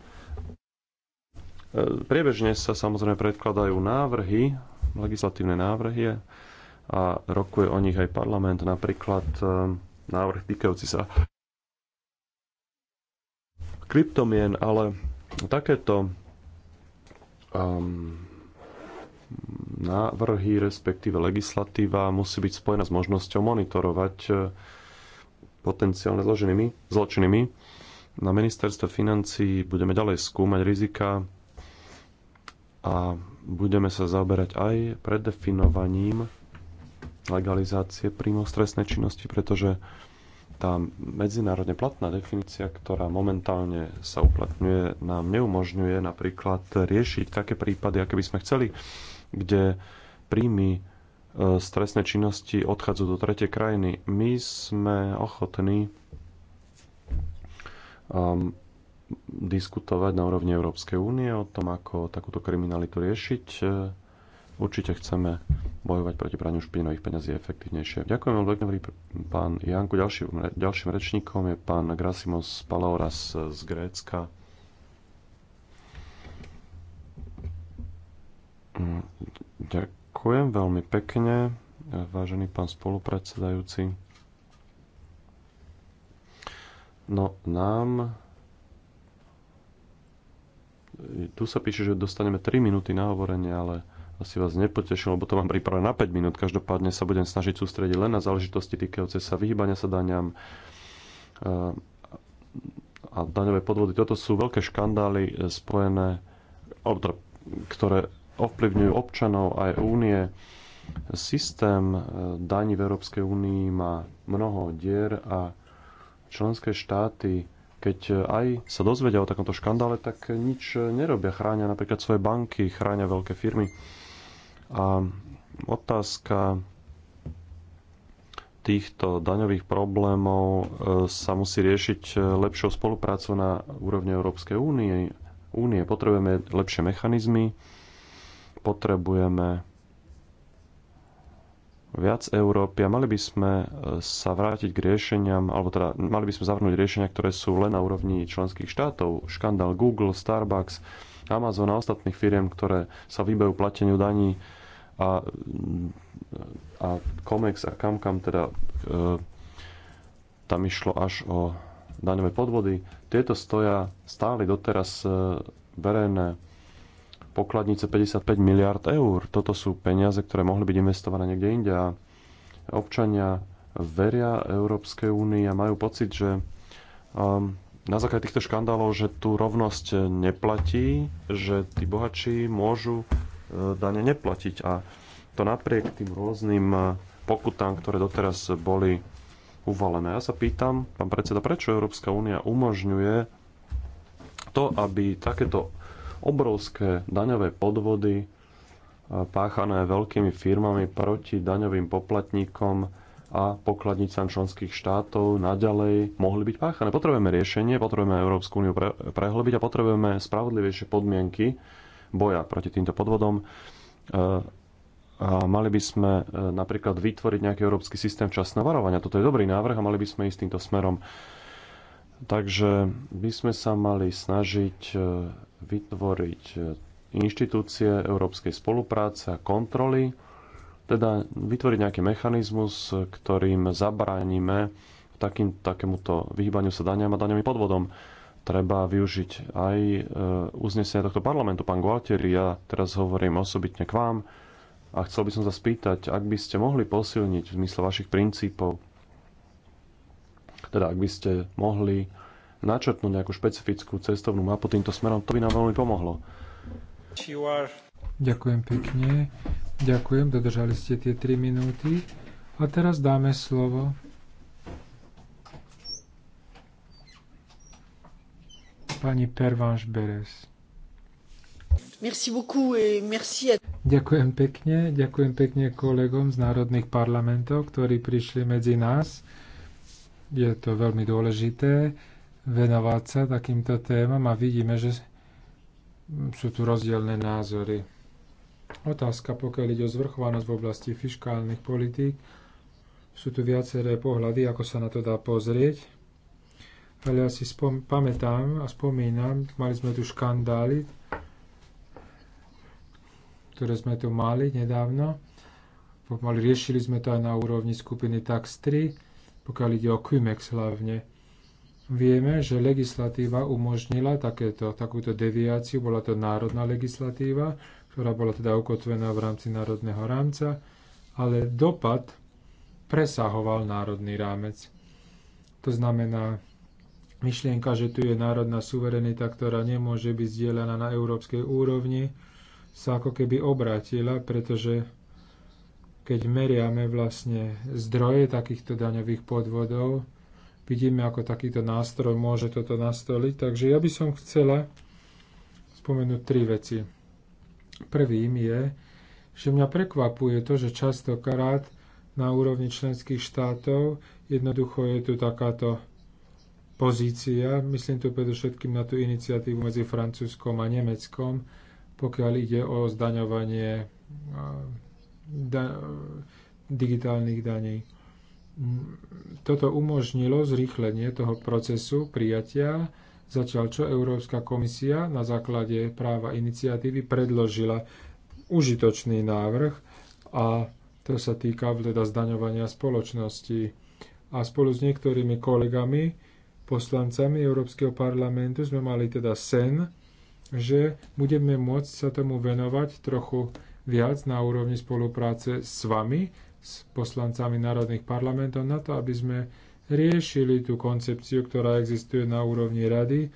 Priebežne sa samozrejme predkladajú návrhy, legislatívne návrhy a rokuje o nich aj parlament, napríklad e, návrh týkajúci sa kryptomien, ale takéto um, návrhy, respektíve legislatíva musí byť spojená s možnosťou monitorovať e, potenciálne zloženými, zločinami. Na ministerstve financí budeme ďalej skúmať rizika a budeme sa zaoberať aj predefinovaním legalizácie príjmu stresnej činnosti, pretože tá medzinárodne platná definícia, ktorá momentálne sa uplatňuje, nám neumožňuje napríklad riešiť také prípady, aké by sme chceli, kde príjmy stresnej e, činnosti odchádzajú do tretej krajiny. My sme ochotní um, diskutovať na úrovni Európskej únie o tom, ako takúto kriminalitu riešiť. E, určite chceme bojovať proti praniu špinových peňazí efektívnejšie. Ďakujem veľmi pekne, pán Janku. Ďalším, ďalším rečníkom je pán Grasimos Palauras z Grécka. Mm, ďakujem veľmi pekne, vážený pán spolupredsedajúci. No, nám tu sa píše, že dostaneme 3 minúty na hovorenie, ale asi vás nepoteším, lebo to mám pripravené na 5 minút. Každopádne sa budem snažiť sústrediť len na záležitosti týkajúce sa vyhýbania sa daňam a daňové podvody. Toto sú veľké škandály spojené, teda, ktoré ovplyvňujú občanov aj únie. Systém e, daní v Európskej únii má mnoho dier a členské štáty keď e, aj sa dozvedia o takomto škandále, tak nič nerobia. Chránia napríklad svoje banky, chránia veľké firmy. A otázka týchto daňových problémov e, sa musí riešiť e, lepšou spoluprácou na úrovni Európskej únie. únie. Potrebujeme lepšie mechanizmy, potrebujeme viac Európy a mali by sme e, sa vrátiť k riešeniam, alebo teda mali by sme zavrnúť riešenia, ktoré sú len na úrovni členských štátov. Škandál Google, Starbucks, Amazon a ostatných firiem, ktoré sa vybajú plateniu daní a, mm, a Comex a kam teda e, tam išlo až o daňové podvody. Tieto stoja stáli doteraz e, verejné pokladnice 55 miliard eur. Toto sú peniaze, ktoré mohli byť investované niekde inde a občania veria Európskej únii a majú pocit, že um, na základe týchto škandálov, že tu rovnosť neplatí, že tí bohatší môžu uh, dane neplatiť. A to napriek tým rôznym uh, pokutám, ktoré doteraz boli uvalené. Ja sa pýtam, pán predseda, prečo Európska únia umožňuje to, aby takéto obrovské daňové podvody e, páchané veľkými firmami proti daňovým poplatníkom a pokladnicám členských štátov naďalej mohli byť páchané. Potrebujeme riešenie, potrebujeme Európsku úniu pre, prehlbiť a potrebujeme spravodlivejšie podmienky boja proti týmto podvodom. E, a mali by sme e, napríklad vytvoriť nejaký európsky systém časného varovania. Toto je dobrý návrh a mali by sme ísť týmto smerom. Takže by sme sa mali snažiť vytvoriť e, inštitúcie európskej spolupráce a kontroly, teda vytvoriť nejaký mechanizmus, ktorým zabránime takým, takémuto vyhýbaniu sa daniam a daňovým podvodom. Treba využiť aj e, uznesenie tohto parlamentu. Pán Gualtieri, ja teraz hovorím osobitne k vám a chcel by som sa spýtať, ak by ste mohli posilniť v zmysle vašich princípov, teda ak by ste mohli načrtnúť nejakú špecifickú cestovnú mapu týmto smerom, to by nám veľmi pomohlo. Ďakujem pekne. Ďakujem, dodržali ste tie 3 minúty. A teraz dáme slovo pani Pervanš Beres. Merci beaucoup et merci à... Ďakujem pekne, ďakujem pekne kolegom z národných parlamentov, ktorí prišli medzi nás. Je to veľmi dôležité venovať sa takýmto témam a vidíme, že sú tu rozdielne názory. Otázka, pokiaľ ide o zvrchovanosť v oblasti fiskálnych politík, sú tu viaceré pohľady, ako sa na to dá pozrieť. Ale ja si spom- pamätám a spomínam, mali sme tu škandály, ktoré sme tu mali nedávno. Pomali, riešili sme to aj na úrovni skupiny Tax 3, pokiaľ ide o Cumex hlavne Vieme, že legislatíva umožnila takéto, takúto deviáciu, bola to národná legislatíva, ktorá bola teda ukotvená v rámci národného rámca, ale dopad presahoval národný rámec. To znamená, myšlienka, že tu je národná suverenita, ktorá nemôže byť zdieľaná na európskej úrovni, sa ako keby obrátila, pretože keď meriame vlastne zdroje takýchto daňových podvodov, vidíme, ako takýto nástroj môže toto nastoliť. Takže ja by som chcela spomenúť tri veci. Prvým je, že mňa prekvapuje to, že častokrát na úrovni členských štátov jednoducho je tu takáto pozícia, myslím tu predovšetkým na tú iniciatívu medzi Francúzskom a Nemeckom, pokiaľ ide o zdaňovanie da, digitálnych daní toto umožnilo zrýchlenie toho procesu prijatia, zatiaľ čo Európska komisia na základe práva iniciatívy predložila užitočný návrh a to sa týka teda zdaňovania spoločnosti. A spolu s niektorými kolegami, poslancami Európskeho parlamentu sme mali teda sen, že budeme môcť sa tomu venovať trochu viac na úrovni spolupráce s vami, s poslancami národných parlamentov na to, aby sme riešili tú koncepciu, ktorá existuje na úrovni rady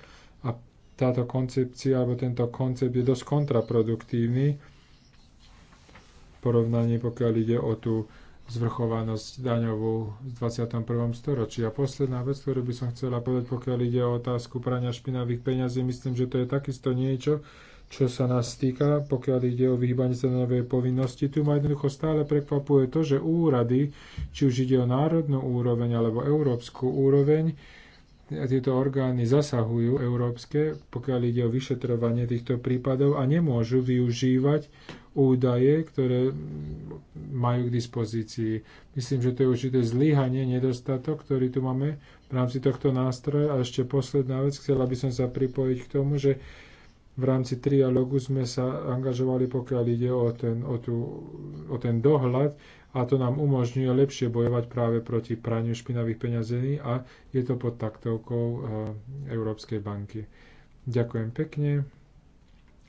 a táto koncepcia alebo tento koncept je dosť kontraproduktívny v porovnaní, pokiaľ ide o tú zvrchovanosť daňovú v 21. storočí. A posledná vec, ktorú by som chcela povedať, pokiaľ ide o otázku prania špinavých peňazí, myslím, že to je takisto niečo, čo sa nás týka, pokiaľ ide o vyhýbanie sa novej povinnosti. Tu ma jednoducho stále prekvapuje to, že úrady, či už ide o národnú úroveň alebo európsku úroveň, tieto orgány zasahujú európske, pokiaľ ide o vyšetrovanie týchto prípadov a nemôžu využívať údaje, ktoré majú k dispozícii. Myslím, že to je určité zlyhanie, nedostatok, ktorý tu máme v rámci tohto nástroja. A ešte posledná vec, chcela by som sa pripojiť k tomu, že v rámci trialógu sme sa angažovali, pokiaľ ide o ten, o, tú, o ten dohľad a to nám umožňuje lepšie bojovať práve proti praniu špinavých peňazí a je to pod taktovkou eh, Európskej banky. Ďakujem pekne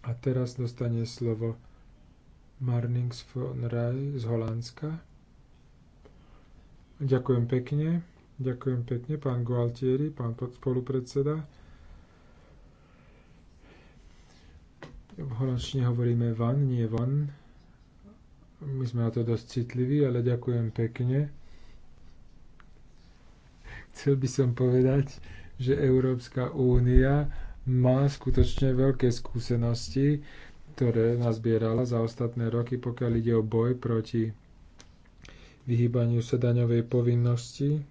a teraz dostane slovo Marnings von Rij z Holandska. Ďakujem pekne. Ďakujem pekne, pán Gualtieri, pán spolupredseda. V holandčine hovoríme van, nie van. My sme na to dosť citliví, ale ďakujem pekne. Chcel by som povedať, že Európska únia má skutočne veľké skúsenosti, ktoré nazbierala za ostatné roky, pokiaľ ide o boj proti vyhýbaniu sa daňovej povinnosti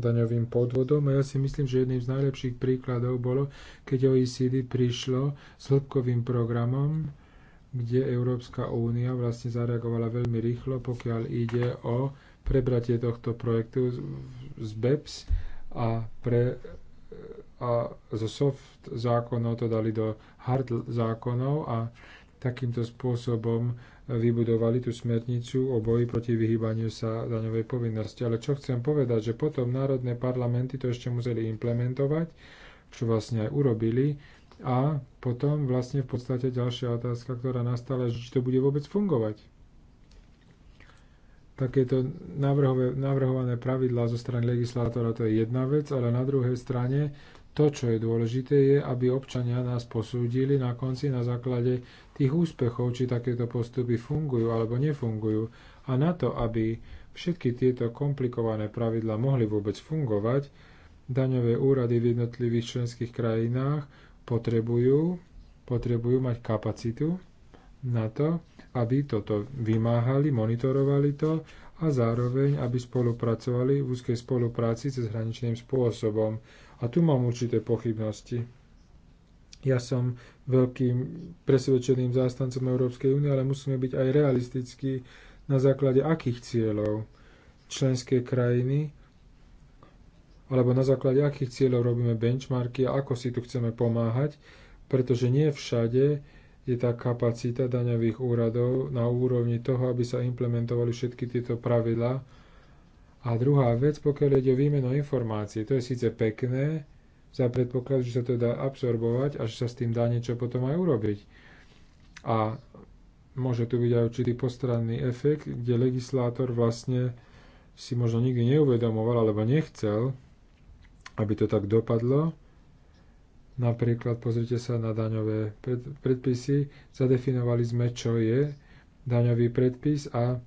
daňovým podvodom. A ja si myslím, že jedným z najlepších príkladov bolo, keď OECD prišlo s hĺbkovým programom, kde Európska únia vlastne zareagovala veľmi rýchlo, pokiaľ ide o prebratie tohto projektu z BEPS a, pre, a zo soft zákonov to dali do hard zákonov a takýmto spôsobom vybudovali tú smernicu o boji proti vyhýbaniu sa daňovej povinnosti. Ale čo chcem povedať, že potom národné parlamenty to ešte museli implementovať, čo vlastne aj urobili. A potom vlastne v podstate ďalšia otázka, ktorá nastala, že či to bude vôbec fungovať. Takéto navrhové, navrhované pravidlá zo strany legislátora to je jedna vec, ale na druhej strane to, čo je dôležité, je, aby občania nás posúdili na konci na základe tých úspechov, či takéto postupy fungujú alebo nefungujú. A na to, aby všetky tieto komplikované pravidla mohli vôbec fungovať, daňové úrady v jednotlivých členských krajinách potrebujú, potrebujú mať kapacitu na to, aby toto vymáhali, monitorovali to a zároveň, aby spolupracovali v úzkej spolupráci cez hraničným spôsobom a tu mám určité pochybnosti. Ja som veľkým presvedčeným zástancom Európskej únie, ale musíme byť aj realistickí na základe akých cieľov členské krajiny alebo na základe akých cieľov robíme benchmarky a ako si tu chceme pomáhať, pretože nie všade je tá kapacita daňových úradov na úrovni toho, aby sa implementovali všetky tieto pravidlá a druhá vec, pokiaľ ide o výmenu informácií, to je síce pekné, za predpoklad, že sa to dá absorbovať a že sa s tým dá niečo potom aj urobiť. A môže tu byť aj určitý postranný efekt, kde legislátor vlastne si možno nikdy neuvedomoval alebo nechcel, aby to tak dopadlo. Napríklad pozrite sa na daňové predpisy. Zadefinovali sme, čo je daňový predpis a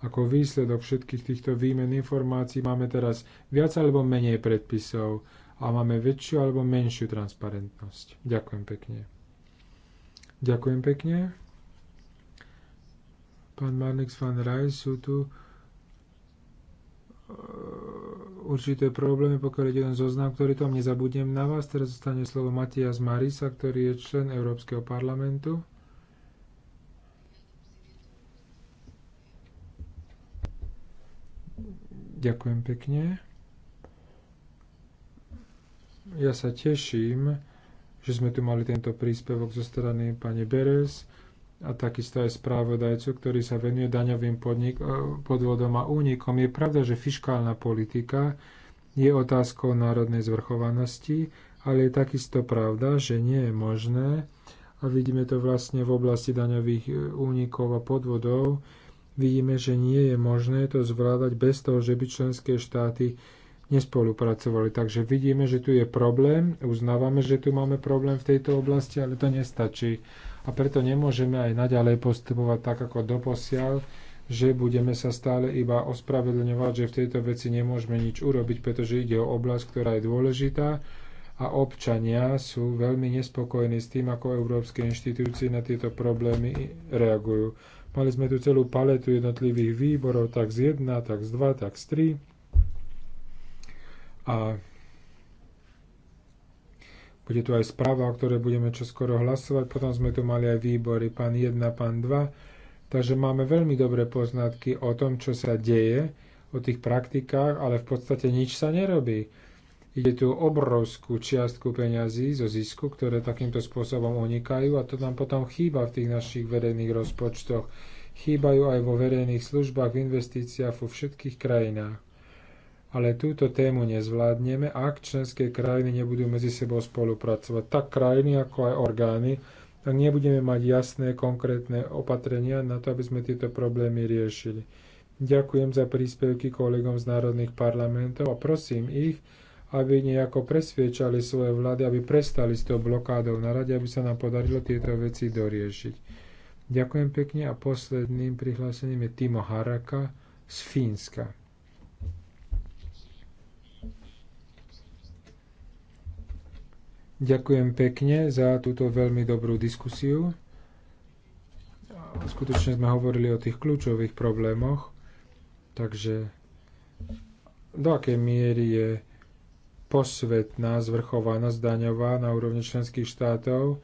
ako výsledok všetkých týchto výmen informácií máme teraz viac alebo menej predpisov a máme väčšiu alebo menšiu transparentnosť. Ďakujem pekne. Ďakujem pekne. Pán Marnix van Raj, sú tu e, určité problémy, pokiaľ ide ten zoznam, ktorý tam nezabudnem na vás. Teraz zostane slovo Matias Marisa, ktorý je člen Európskeho parlamentu. Ďakujem pekne. Ja sa teším, že sme tu mali tento príspevok zo strany pani Beres a takisto aj správodajcu, ktorý sa venuje daňovým podnik, eh, podvodom a únikom. Je pravda, že fiškálna politika je otázkou národnej zvrchovanosti, ale je takisto pravda, že nie je možné, a vidíme to vlastne v oblasti daňových eh, únikov a podvodov, vidíme, že nie je možné to zvládať bez toho, že by členské štáty nespolupracovali. Takže vidíme, že tu je problém, uznávame, že tu máme problém v tejto oblasti, ale to nestačí. A preto nemôžeme aj naďalej postupovať tak, ako doposiaľ, že budeme sa stále iba ospravedlňovať, že v tejto veci nemôžeme nič urobiť, pretože ide o oblasť, ktorá je dôležitá a občania sú veľmi nespokojní s tým, ako európske inštitúcie na tieto problémy reagujú. Mali sme tu celú paletu jednotlivých výborov, tak z 1, tak z 2, tak z 3. A bude tu aj správa, o ktorej budeme čoskoro hlasovať. Potom sme tu mali aj výbory pán 1, pán 2. Takže máme veľmi dobré poznatky o tom, čo sa deje, o tých praktikách, ale v podstate nič sa nerobí Ide tu obrovskú čiastku peňazí zo zisku, ktoré takýmto spôsobom unikajú a to nám potom chýba v tých našich verejných rozpočtoch. Chýbajú aj vo verejných službách, v investíciách vo všetkých krajinách. Ale túto tému nezvládneme, ak členské krajiny nebudú medzi sebou spolupracovať. Tak krajiny, ako aj orgány, tak nebudeme mať jasné, konkrétne opatrenia na to, aby sme tieto problémy riešili. Ďakujem za príspevky kolegom z národných parlamentov a prosím ich, aby nejako presviečali svoje vlády, aby prestali s tou blokádou na rade, aby sa nám podarilo tieto veci doriešiť. Ďakujem pekne a posledným prihlásením je Timo Haraka z Fínska. Ďakujem pekne za túto veľmi dobrú diskusiu. Skutočne sme hovorili o tých kľúčových problémoch, takže do akej miery je posvetná zvrchovanosť daňová na úrovni členských štátov,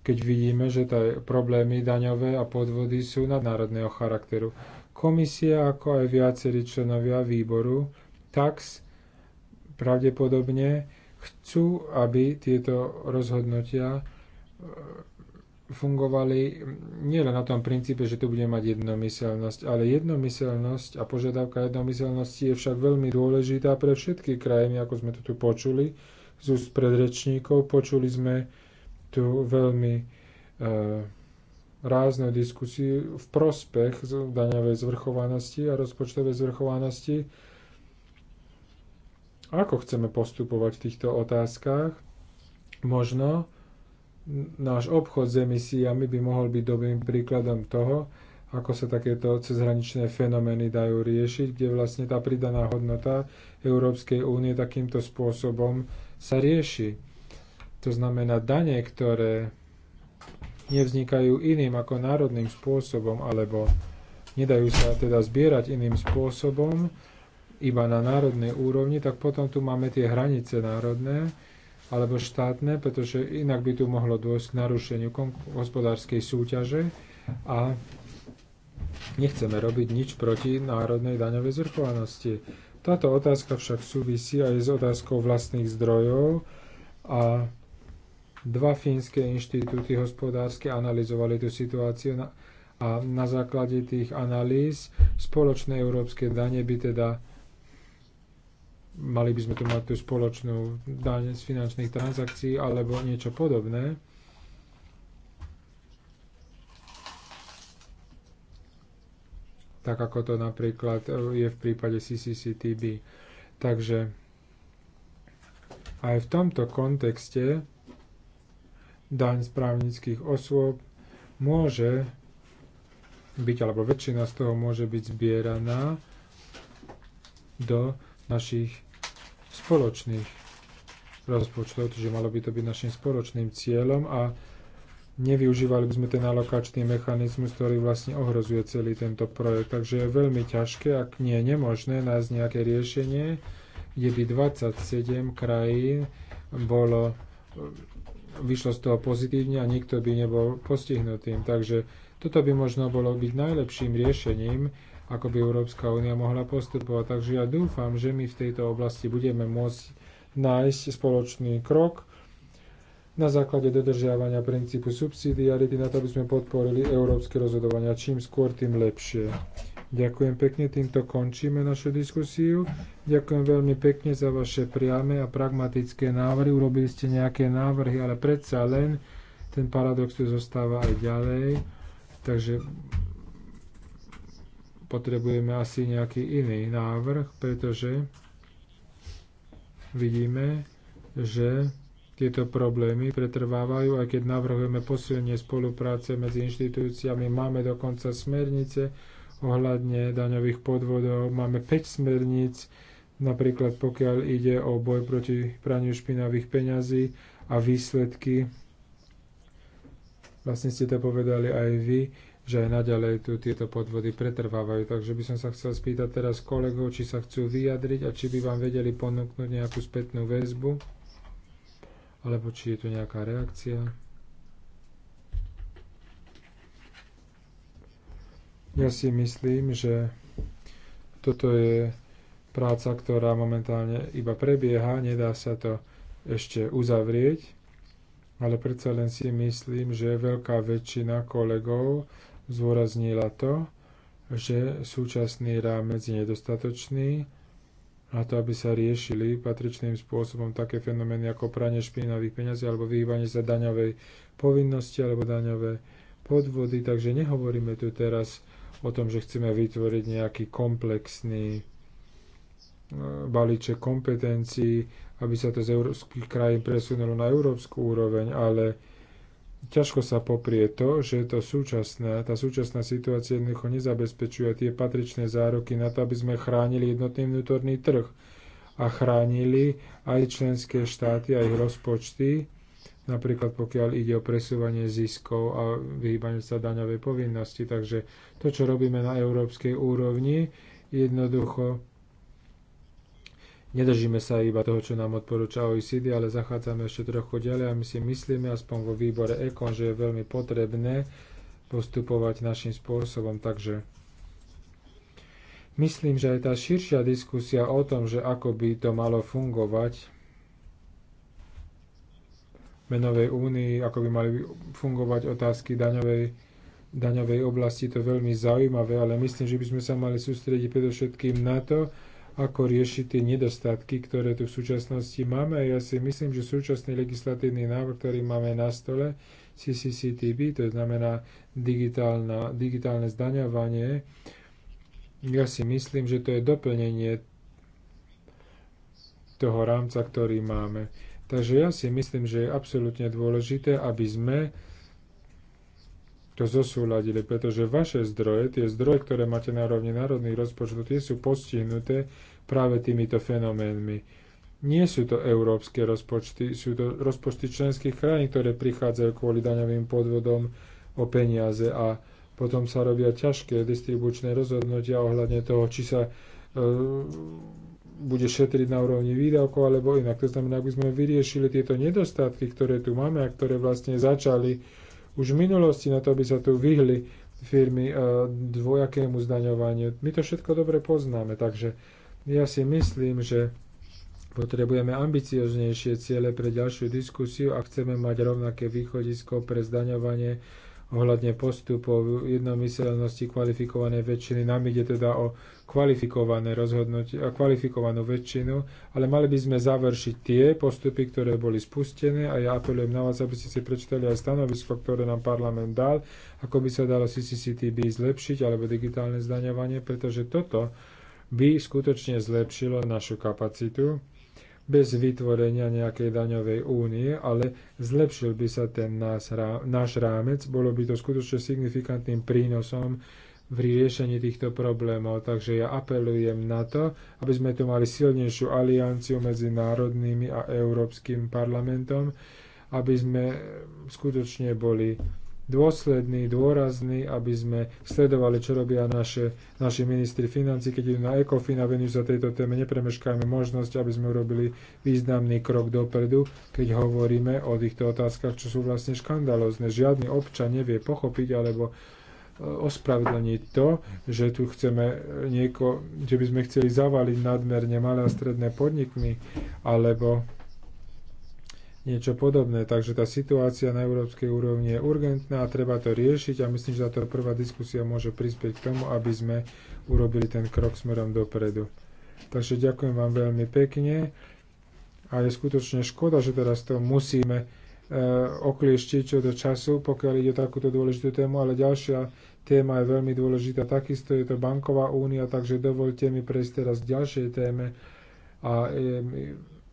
keď vidíme, že tie problémy daňové a podvody sú nadnárodného charakteru. Komisia, ako aj viacerí členovia výboru, tax pravdepodobne chcú, aby tieto rozhodnutia fungovali nielen na tom princípe, že tu bude mať jednomyselnosť, ale jednomyselnosť a požiadavka jednomyselnosti je však veľmi dôležitá pre všetky krajiny, ako sme to tu počuli z úst predrečníkov. Počuli sme tu veľmi e, ráznu diskusiu v prospech daňovej zvrchovanosti a rozpočtovej zvrchovanosti. Ako chceme postupovať v týchto otázkach? Možno náš obchod s emisiami by mohol byť dobrým príkladom toho, ako sa takéto cezhraničné fenomény dajú riešiť, kde vlastne tá pridaná hodnota Európskej únie takýmto spôsobom sa rieši. To znamená dane, ktoré nevznikajú iným ako národným spôsobom, alebo nedajú sa teda zbierať iným spôsobom, iba na národnej úrovni, tak potom tu máme tie hranice národné, alebo štátne, pretože inak by tu mohlo dôjsť k narušeniu hospodárskej súťaže a nechceme robiť nič proti národnej daňovej zrchovanosti. Táto otázka však súvisí aj s otázkou vlastných zdrojov a dva fínske inštitúty hospodárske analyzovali tú situáciu a na základe tých analýz spoločné európske dane by teda mali by sme tu mať tú spoločnú daň z finančných transakcií alebo niečo podobné. tak ako to napríklad je v prípade CCCTB. Takže aj v tomto kontexte daň z právnických osôb môže byť, alebo väčšina z toho môže byť zbieraná do našich spoločných rozpočtov, čiže malo by to byť našim spoločným cieľom a nevyužívali by sme ten alokačný mechanizmus, ktorý vlastne ohrozuje celý tento projekt. Takže je veľmi ťažké, ak nie je nemožné, nájsť nejaké riešenie, kde by 27 krajín bolo, vyšlo z toho pozitívne a nikto by nebol postihnutým. Takže toto by možno bolo byť najlepším riešením, ako by Európska únia mohla postupovať. Takže ja dúfam, že my v tejto oblasti budeme môcť nájsť spoločný krok na základe dodržiavania princípu subsidiarity, na to, aby sme podporili európske rozhodovania. Čím skôr, tým lepšie. Ďakujem pekne, týmto končíme našu diskusiu. Ďakujem veľmi pekne za vaše priame a pragmatické návrhy. Urobili ste nejaké návrhy, ale predsa len ten paradox tu zostáva aj ďalej. Takže potrebujeme asi nejaký iný návrh, pretože vidíme, že tieto problémy pretrvávajú, aj keď navrhujeme posilnenie spolupráce medzi inštitúciami. Máme dokonca smernice ohľadne daňových podvodov, máme 5 smerníc, napríklad pokiaľ ide o boj proti praniu špinavých peňazí a výsledky. Vlastne ste to povedali aj vy že aj naďalej tu tieto podvody pretrvávajú. Takže by som sa chcel spýtať teraz kolegov, či sa chcú vyjadriť a či by vám vedeli ponúknuť nejakú spätnú väzbu, alebo či je tu nejaká reakcia. Ja si myslím, že toto je práca, ktorá momentálne iba prebieha, nedá sa to ešte uzavrieť, ale predsa len si myslím, že veľká väčšina kolegov zdôraznila to, že súčasný rámec je nedostatočný na to, aby sa riešili patričným spôsobom také fenomény ako pranie špinavých peňazí alebo vyhýbanie sa daňovej povinnosti alebo daňové podvody. Takže nehovoríme tu teraz o tom, že chceme vytvoriť nejaký komplexný e, balíček kompetencií, aby sa to z európskych krajín presunulo na európsku úroveň, ale ťažko sa poprie to, že to súčasná, tá súčasná situácia jednoducho nezabezpečuje tie patričné zároky na to, aby sme chránili jednotný vnútorný trh a chránili aj členské štáty aj ich rozpočty, napríklad pokiaľ ide o presúvanie ziskov a vyhýbanie sa daňovej povinnosti. Takže to, čo robíme na európskej úrovni, jednoducho Nedržíme sa iba toho, čo nám odporúča OECD, ale zachádzame ešte trochu ďalej a my si myslíme, aspoň vo výbore EKON, že je veľmi potrebné postupovať našim spôsobom. Takže myslím, že aj tá širšia diskusia o tom, že ako by to malo fungovať v menovej únii, ako by mali fungovať otázky daňovej, daňovej oblasti, to je veľmi zaujímavé, ale myslím, že by sme sa mali sústrediť predovšetkým na to, ako riešiť tie nedostatky, ktoré tu v súčasnosti máme. Ja si myslím, že súčasný legislatívny návrh, ktorý máme na stole, CCCTB, to znamená digitálne zdaňovanie, ja si myslím, že to je doplnenie toho rámca, ktorý máme. Takže ja si myslím, že je absolútne dôležité, aby sme to zosúladili, pretože vaše zdroje, tie zdroje, ktoré máte na úrovni národných rozpočtov, tie sú postihnuté práve týmito fenoménmi. Nie sú to európske rozpočty, sú to rozpočty členských krajín, ktoré prichádzajú kvôli daňovým podvodom o peniaze a potom sa robia ťažké distribučné rozhodnutia ohľadne toho, či sa e, bude šetriť na úrovni výdavkov alebo inak. To znamená, aby sme vyriešili tieto nedostatky, ktoré tu máme a ktoré vlastne začali už v minulosti na to, by sa tu vyhli firmy e, dvojakému zdaňovaniu. My to všetko dobre poznáme, takže ja si myslím, že Potrebujeme ambicioznejšie ciele pre ďalšiu diskusiu a chceme mať rovnaké východisko pre zdaňovanie ohľadne postupov jednomyselnosti kvalifikovanej väčšiny. Nám ide teda o kvalifikované rozhodnutie a kvalifikovanú väčšinu, ale mali by sme završiť tie postupy, ktoré boli spustené a ja apelujem na vás, aby ste si prečítali aj stanovisko, ktoré nám parlament dal, ako by sa dalo CCCTB zlepšiť alebo digitálne zdaňovanie, pretože toto by skutočne zlepšilo našu kapacitu bez vytvorenia nejakej daňovej únie, ale zlepšil by sa ten náš rámec. Bolo by to skutočne signifikantným prínosom v riešení týchto problémov. Takže ja apelujem na to, aby sme tu mali silnejšiu alianciu medzi národnými a Európskym parlamentom, aby sme skutočne boli dôslední, dôrazní, aby sme sledovali, čo robia naše, naši ministri financí, keď idú na ECOFIN a venujú sa tejto téme, nepremeškajme možnosť, aby sme urobili významný krok dopredu, keď hovoríme o týchto otázkach, čo sú vlastne škandalozne. Žiadny občan nevie pochopiť alebo e, ospravedlniť to, že tu chceme nieko, že by sme chceli zavaliť nadmerne malé a stredné podnikmi, alebo niečo podobné. Takže tá situácia na európskej úrovni je urgentná a treba to riešiť a myslím, že táto prvá diskusia môže prispieť k tomu, aby sme urobili ten krok smerom dopredu. Takže ďakujem vám veľmi pekne a je skutočne škoda, že teraz to musíme e, oklieštiť čo do času, pokiaľ ide o takúto dôležitú tému, ale ďalšia téma je veľmi dôležitá. Takisto je to banková únia, takže dovolte mi prejsť teraz k ďalšej téme a e,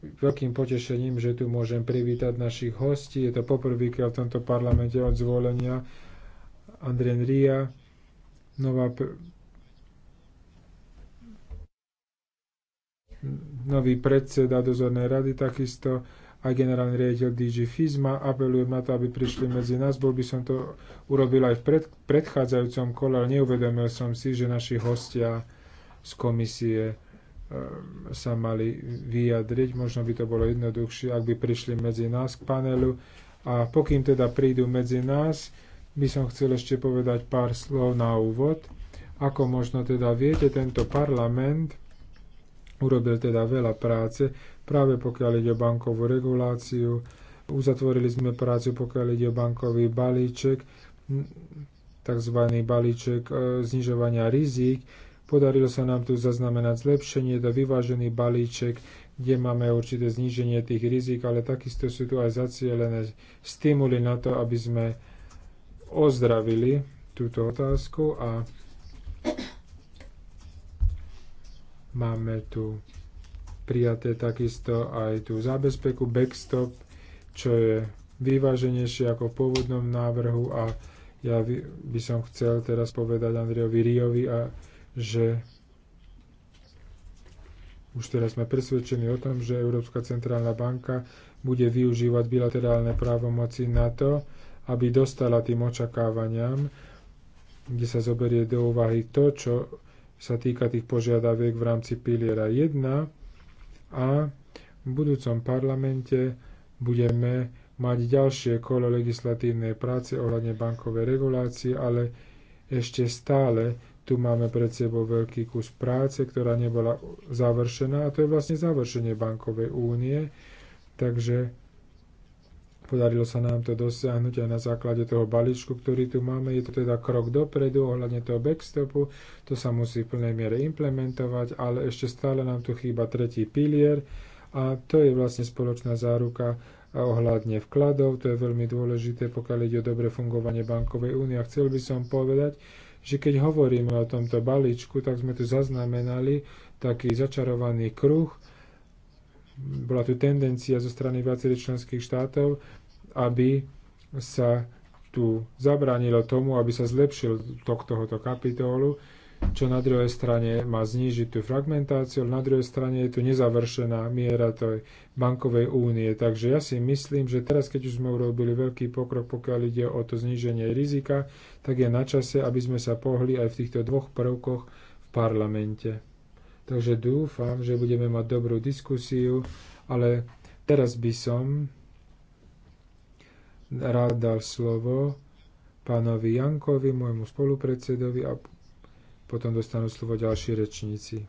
veľkým potešením, že tu môžem privítať našich hostí. Je to poprvýkrát v tomto parlamente od zvolenia Andrien Ria, nová nový predseda dozornej rady takisto a generálny riaditeľ DG FISMA. Apelujem na to, aby prišli medzi nás. Bol by som to urobil aj v pred, predchádzajúcom kole, ale neuvedomil som si, že naši hostia z komisie Ehm, sa mali vyjadriť. Možno by to bolo jednoduchšie, ak by prišli medzi nás k panelu. A pokým teda prídu medzi nás, by som chcel ešte povedať pár slov na úvod. Ako možno teda viete, tento parlament urobil teda veľa práce, práve pokiaľ ide o bankovú reguláciu. Uzatvorili sme prácu, pokiaľ ide o bankový balíček, tzv. balíček e, znižovania rizik Podarilo sa nám tu zaznamenať zlepšenie, to vyvážený balíček, kde máme určité zníženie tých rizik, ale takisto sú tu aj zacielené stimuly na to, aby sme ozdravili túto otázku a máme tu prijaté takisto aj tú zábezpeku backstop, čo je vyváženejšie ako v pôvodnom návrhu a ja by som chcel teraz povedať Andrejovi Riovi a že už teraz sme presvedčení o tom, že Európska centrálna banka bude využívať bilaterálne právomoci na to, aby dostala tým očakávaniam, kde sa zoberie do úvahy to, čo sa týka tých požiadaviek v rámci piliera 1 a v budúcom parlamente budeme mať ďalšie kolo legislatívnej práce ohľadne bankovej regulácie, ale ešte stále tu máme pred sebou veľký kus práce, ktorá nebola završená a to je vlastne završenie bankovej únie. Takže podarilo sa nám to dosiahnuť aj na základe toho balíčku, ktorý tu máme. Je to teda krok dopredu ohľadne toho backstopu. To sa musí v plnej miere implementovať, ale ešte stále nám tu chýba tretí pilier a to je vlastne spoločná záruka ohľadne vkladov. To je veľmi dôležité, pokiaľ ide o dobre fungovanie bankovej únie. A chcel by som povedať, že keď hovoríme o tomto balíčku, tak sme tu zaznamenali taký začarovaný kruh. Bola tu tendencia zo strany viacerých členských štátov, aby sa tu zabránilo tomu, aby sa zlepšil tok tohoto kapitolu čo na druhej strane má znížiť tú fragmentáciu, ale na druhej strane je tu nezavršená miera tej bankovej únie. Takže ja si myslím, že teraz, keď už sme urobili veľký pokrok, pokiaľ ide o to zníženie rizika, tak je na čase, aby sme sa pohli aj v týchto dvoch prvkoch v parlamente. Takže dúfam, že budeme mať dobrú diskusiu, ale teraz by som rád dal slovo pánovi Jankovi, môjmu spolupredsedovi a potom dostanú slovo ďalší rečníci.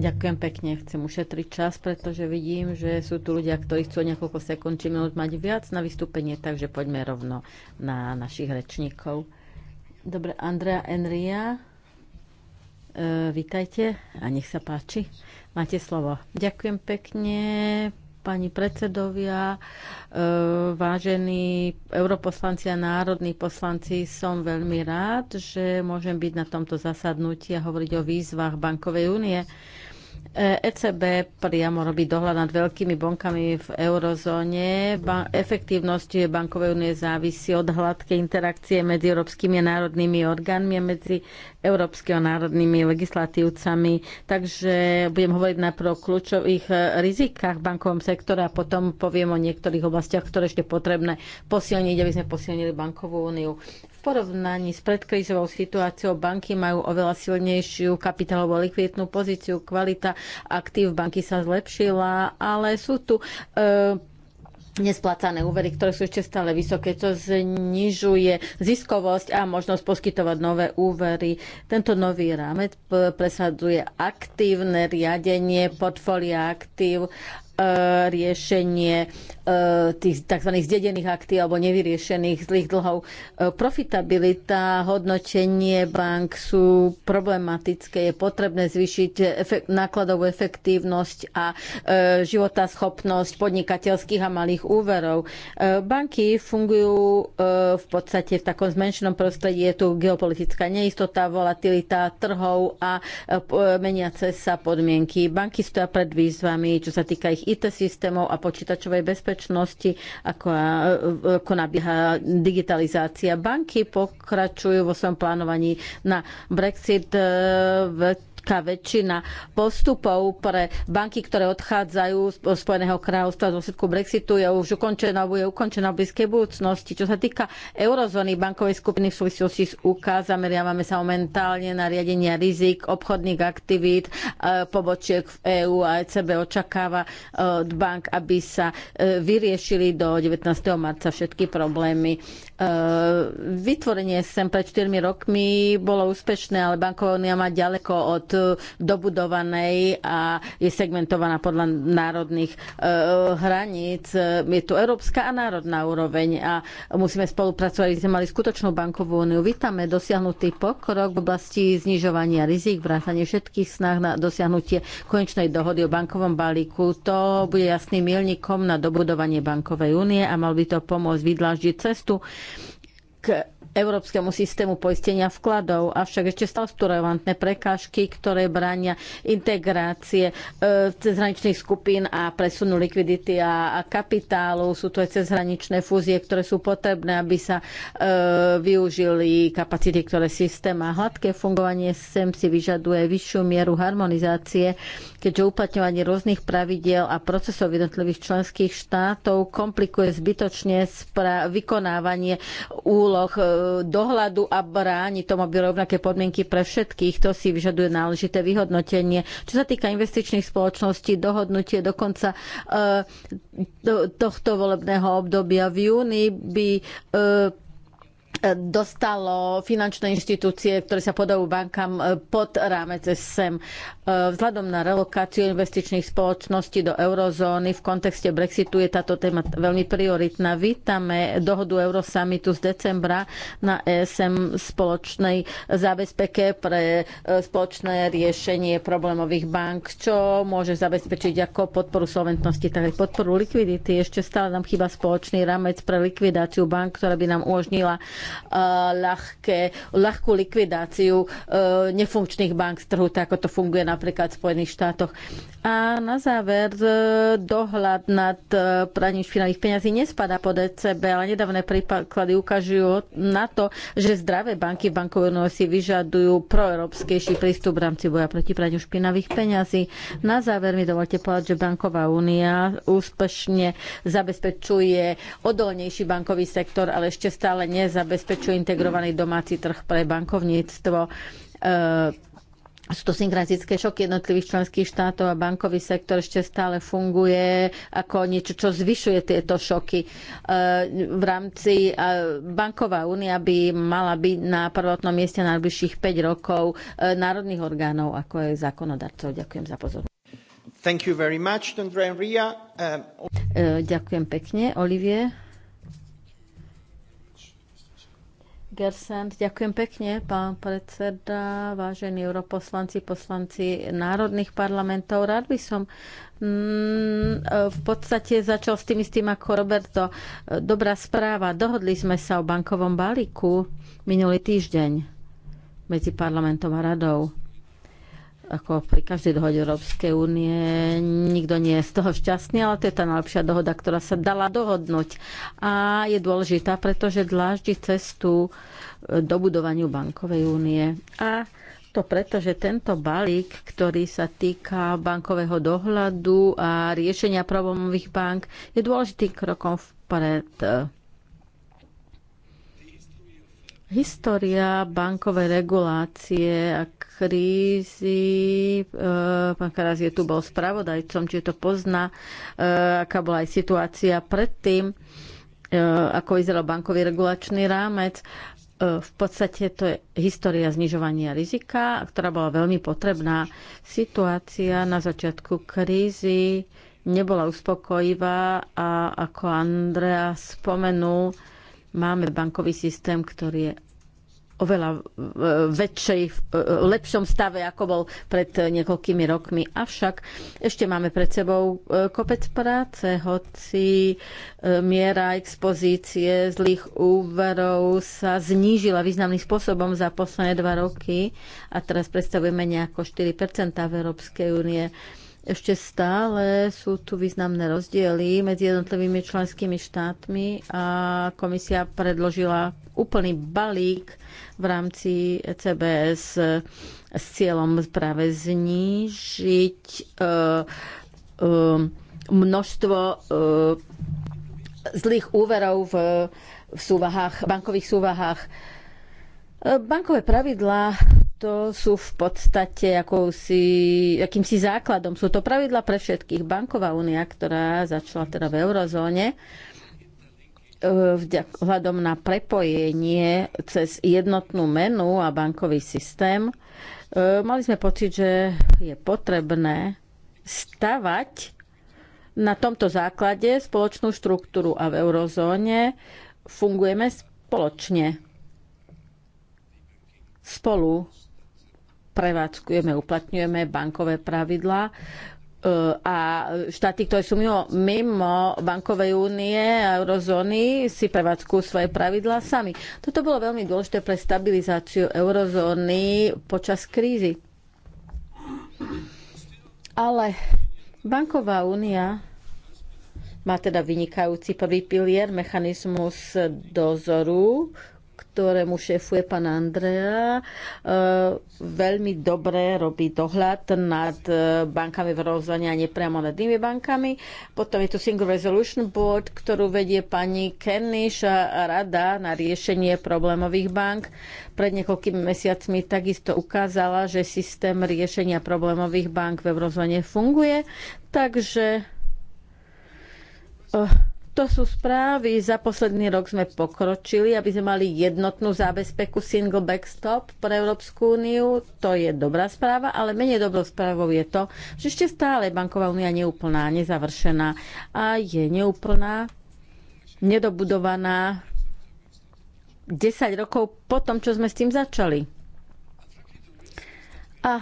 Ďakujem pekne, chcem ušetriť čas, pretože vidím, že sú tu ľudia, ktorí chcú niekoľko sekúnd či minút mať viac na vystúpenie, takže poďme rovno na našich rečníkov. Dobre, Andrea Enria, e, vítajte a nech sa páči. Máte slovo. Ďakujem pekne, pani predsedovia, e, vážení europoslanci a národní poslanci, som veľmi rád, že môžem byť na tomto zasadnutí a hovoriť o výzvach Bankovej únie. ECB e priamo robí dohľad nad veľkými bankami v eurozóne. Ba- efektívnosť bankovej únie závisí od hladkej interakcie medzi európskymi a národnými orgánmi a medzi európskymi a národnými legislatívcami. Takže budem hovoriť najprv o kľúčových rizikách v bankovom sektore a potom poviem o niektorých oblastiach, ktoré ešte potrebné posilniť, aby sme posilnili bankovú úniu porovnaní s predkrízovou situáciou banky majú oveľa silnejšiu kapitálovú likvidnú pozíciu, kvalita aktív banky sa zlepšila, ale sú tu e, nesplácané úvery, ktoré sú ešte stále vysoké, čo znižuje ziskovosť a možnosť poskytovať nové úvery. Tento nový rámec presadzuje aktívne riadenie portfólia aktív E, riešenie e, tých tzv. zdedených aktív alebo nevyriešených zlých dlhov. E, profitabilita, hodnotenie bank sú problematické. Je potrebné zvýšiť nákladovú efektívnosť a schopnosť podnikateľských a malých úverov. Banky fungujú v podstate v takom zmenšenom prostredí. Je tu geopolitická neistota, volatilita trhov a meniace sa podmienky. Banky stoja pred výzvami, čo sa týka ich IT systémov a počítačovej bezpečnosti, ako, ako nabieha digitalizácia. Banky pokračujú vo svojom plánovaní na Brexit. E, veľká väčšina postupov pre banky, ktoré odchádzajú z Spojeného kráľovstva z dôsledku Brexitu je už ukončená, je ukončená v blízkej budúcnosti. Čo sa týka eurozóny bankovej skupiny v súvislosti s UK, zameriavame sa momentálne na riadenia rizik obchodných aktivít, e, pobočiek v EÚ a ECB očakáva e, od bank, aby sa e, vyriešili do 19. marca všetky problémy. Vytvorenie sem pred 4 rokmi bolo úspešné, ale banková únia má ďaleko od Eh, dobudovanej a je segmentovaná podľa národných eh, hraníc. Eh, je tu európska a národná úroveň a musíme spolupracovať, aby sme mali skutočnú bankovú úniu. Vítame dosiahnutý pokrok v oblasti znižovania rizik, vrátanie všetkých snah na dosiahnutie konečnej dohody o bankovom balíku. To bude jasným milníkom na dobudovanie bankovej únie a mal by to pomôcť vydláždiť cestu k európskemu systému poistenia vkladov, avšak ešte stále sú relevantné prekážky, ktoré bránia integrácie e, cezhraničných skupín a presunu likvidity a, kapitálu. Sú to aj cezhraničné fúzie, ktoré sú potrebné, aby sa e, využili kapacity, ktoré systém má. Hladké fungovanie SEM si vyžaduje vyššiu mieru harmonizácie, keďže uplatňovanie rôznych pravidiel a procesov jednotlivých členských štátov komplikuje zbytočne vykonávanie úloh e, dohľadu a bráni tomu, aby rovnaké podmienky pre všetkých. To si vyžaduje náležité vyhodnotenie. Čo sa týka investičných spoločností, dohodnutie do eh, tohto volebného obdobia v júni by eh, dostalo finančné inštitúcie, ktoré sa podajú bankám e, pod rámec SEM. E, vzhľadom na relokáciu investičných spoločností do eurozóny v kontexte Brexitu je táto téma veľmi prioritná. Vítame dohodu Eurosummitu z decembra na ESM spoločnej zábezpeke pre e, spoločné riešenie problémových bank, čo môže zabezpečiť ako podporu solventnosti, tak aj podporu likvidity. Ešte stále nám chýba spoločný ramec pre likvidáciu bank, ktorá by nám umožnila ľahké, ľahkú likvidáciu e, nefunkčných bank z trhu, tak ako to funguje napríklad v Spojených štátoch. A na záver, e, dohľad nad e, praním špinavých peňazí nespada pod ECB, ale nedávne príklady ukazujú na to, že zdravé banky v bankovej si vyžadujú proeurópskejší prístup v rámci boja proti praniu špinavých peňazí. Na záver mi dovolte povedať, že Banková únia úspešne zabezpečuje odolnejší bankový sektor, ale ešte stále nezabezpečuje zabezpečuje integrovaný domáci trh pre bankovníctvo. E, sú to synkratické šoky jednotlivých členských štátov a bankový sektor ešte stále funguje ako niečo, čo zvyšuje tieto šoky. E, v rámci e, banková únia by mala byť na prvotnom mieste najbližších 5 rokov národných orgánov, ako je zákonodarcov. Ďakujem za pozornosť. Thank you very much, Andrea. Um... Ďakujem pekne, Olivier. Gersen. Ďakujem pekne, pán predseda, vážení europoslanci, poslanci národných parlamentov. Rád by som mm, v podstate začal s tým istým ako Roberto. Dobrá správa. Dohodli sme sa o bankovom balíku minulý týždeň medzi parlamentom a radou ako pri každej dohode Európskej únie, nikto nie je z toho šťastný, ale to je tá najlepšia dohoda, ktorá sa dala dohodnúť. A je dôležitá, pretože dláždi cestu e, do budovaniu bankovej únie. A to preto, že tento balík, ktorý sa týka bankového dohľadu a riešenia problémových bank, je dôležitým krokom vpred História bankovej regulácie a krízy, e, pán Karaz je tu bol spravodajcom, či to pozná, e, aká bola aj situácia predtým, e, ako vyzeral bankový regulačný rámec. V podstate to je história znižovania rizika, ktorá bola veľmi potrebná. Situácia na začiatku krízy nebola uspokojivá a ako Andrea spomenul, Máme bankový systém, ktorý je oveľa e, väčšej, v e, lepšom stave, ako bol pred niekoľkými rokmi. Avšak ešte máme pred sebou e, kopec práce, hoci miera expozície zlých úverov sa znížila významným spôsobom za posledné dva roky a teraz predstavujeme nejako 4% v Európskej únie ešte stále sú tu významné rozdiely medzi jednotlivými členskými štátmi a komisia predložila úplný balík v rámci ECBS s cieľom práve znížiť e, e, množstvo e, zlých úverov v, v súvahách, bankových súvahách E, bankové pravidlá to sú v podstate akousi, akýmsi základom. Sú to pravidla pre všetkých. Banková únia, ktorá začala teda v eurozóne, e, vzhľadom na prepojenie cez jednotnú menu a bankový systém, e, mali sme pocit, že je potrebné stavať na tomto základe spoločnú štruktúru a v eurozóne fungujeme spoločne spolu prevádzkujeme, uplatňujeme bankové pravidlá e, a štáty, ktoré sú mimo, mimo bankovej únie a eurozóny, si prevádzkujú svoje pravidlá sami. Toto bolo veľmi dôležité pre stabilizáciu eurozóny počas krízy. Ale banková únia má teda vynikajúci prvý pilier, mechanizmus dozoru, ktorému šéfuje pán Andrea. Eh, veľmi dobre robí dohľad nad eh, bankami v rozvane a nepriamo nad tými bankami. Potom je tu Single Resolution Board, ktorú vedie pani Kennish a rada na riešenie problémových bank. Pred niekoľkými mesiacmi takisto ukázala, že systém riešenia problémových bank v eurozóne funguje. Takže eh, to sú správy. Za posledný rok sme pokročili, aby sme mali jednotnú zábezpeku single backstop pre Európsku úniu. To je dobrá správa, ale menej dobrou správou je to, že ešte stále banková únia neúplná, nezavršená a je neúplná, nedobudovaná 10 rokov po tom, čo sme s tým začali. A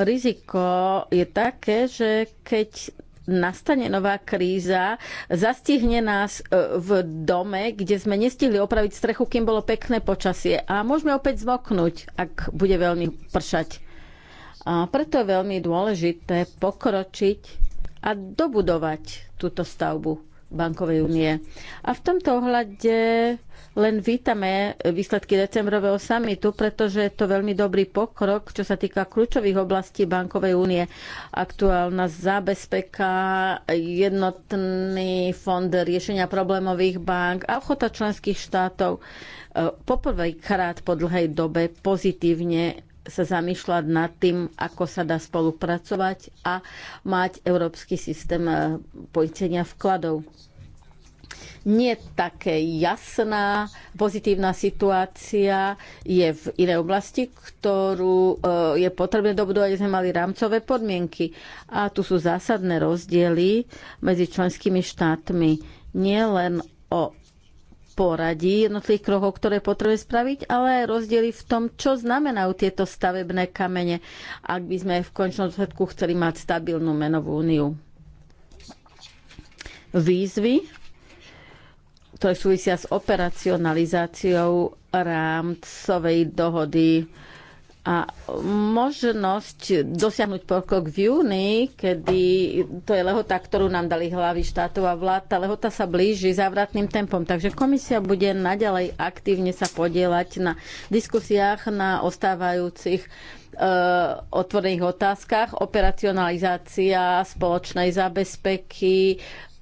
riziko je také, že keď nastane nová kríza, zastihne nás e, v dome, kde sme nestihli opraviť strechu, kým bolo pekné počasie. A môžeme opäť zmoknúť, ak bude veľmi pršať. A preto je veľmi dôležité pokročiť a dobudovať túto stavbu bankovej únie. A v tomto ohľade len vítame výsledky decembrového samitu, pretože je to veľmi dobrý pokrok, čo sa týka kľúčových oblastí bankovej únie. Aktuálna zábezpeka, jednotný fond riešenia problémových bank a ochota členských štátov e, poprvýkrát po dlhej dobe pozitívne sa zamýšľať nad tým, ako sa dá spolupracovať a mať európsky systém e, poistenia vkladov. Nie také jasná pozitívna situácia je v inej oblasti, ktorú e, je potrebné dobudovať, aby sme mali rámcové podmienky. A tu sú zásadné rozdiely medzi členskými štátmi. Nie len o poradí jednotlivých krokov, ktoré potrebuje spraviť, ale aj rozdiely v tom, čo znamenajú tieto stavebné kamene, ak by sme v končnom dôsledku chceli mať stabilnú menovú úniu. Výzvy, ktoré súvisia s operacionalizáciou rámcovej dohody a možnosť dosiahnuť pokrok v júni, kedy to je lehota, ktorú nám dali hlavy štátov a vlád, tá lehota sa blíži závratným tempom. Takže komisia bude naďalej aktívne sa podielať na diskusiách na ostávajúcich eh, otvorených otázkach, operacionalizácia spoločnej zabezpeky,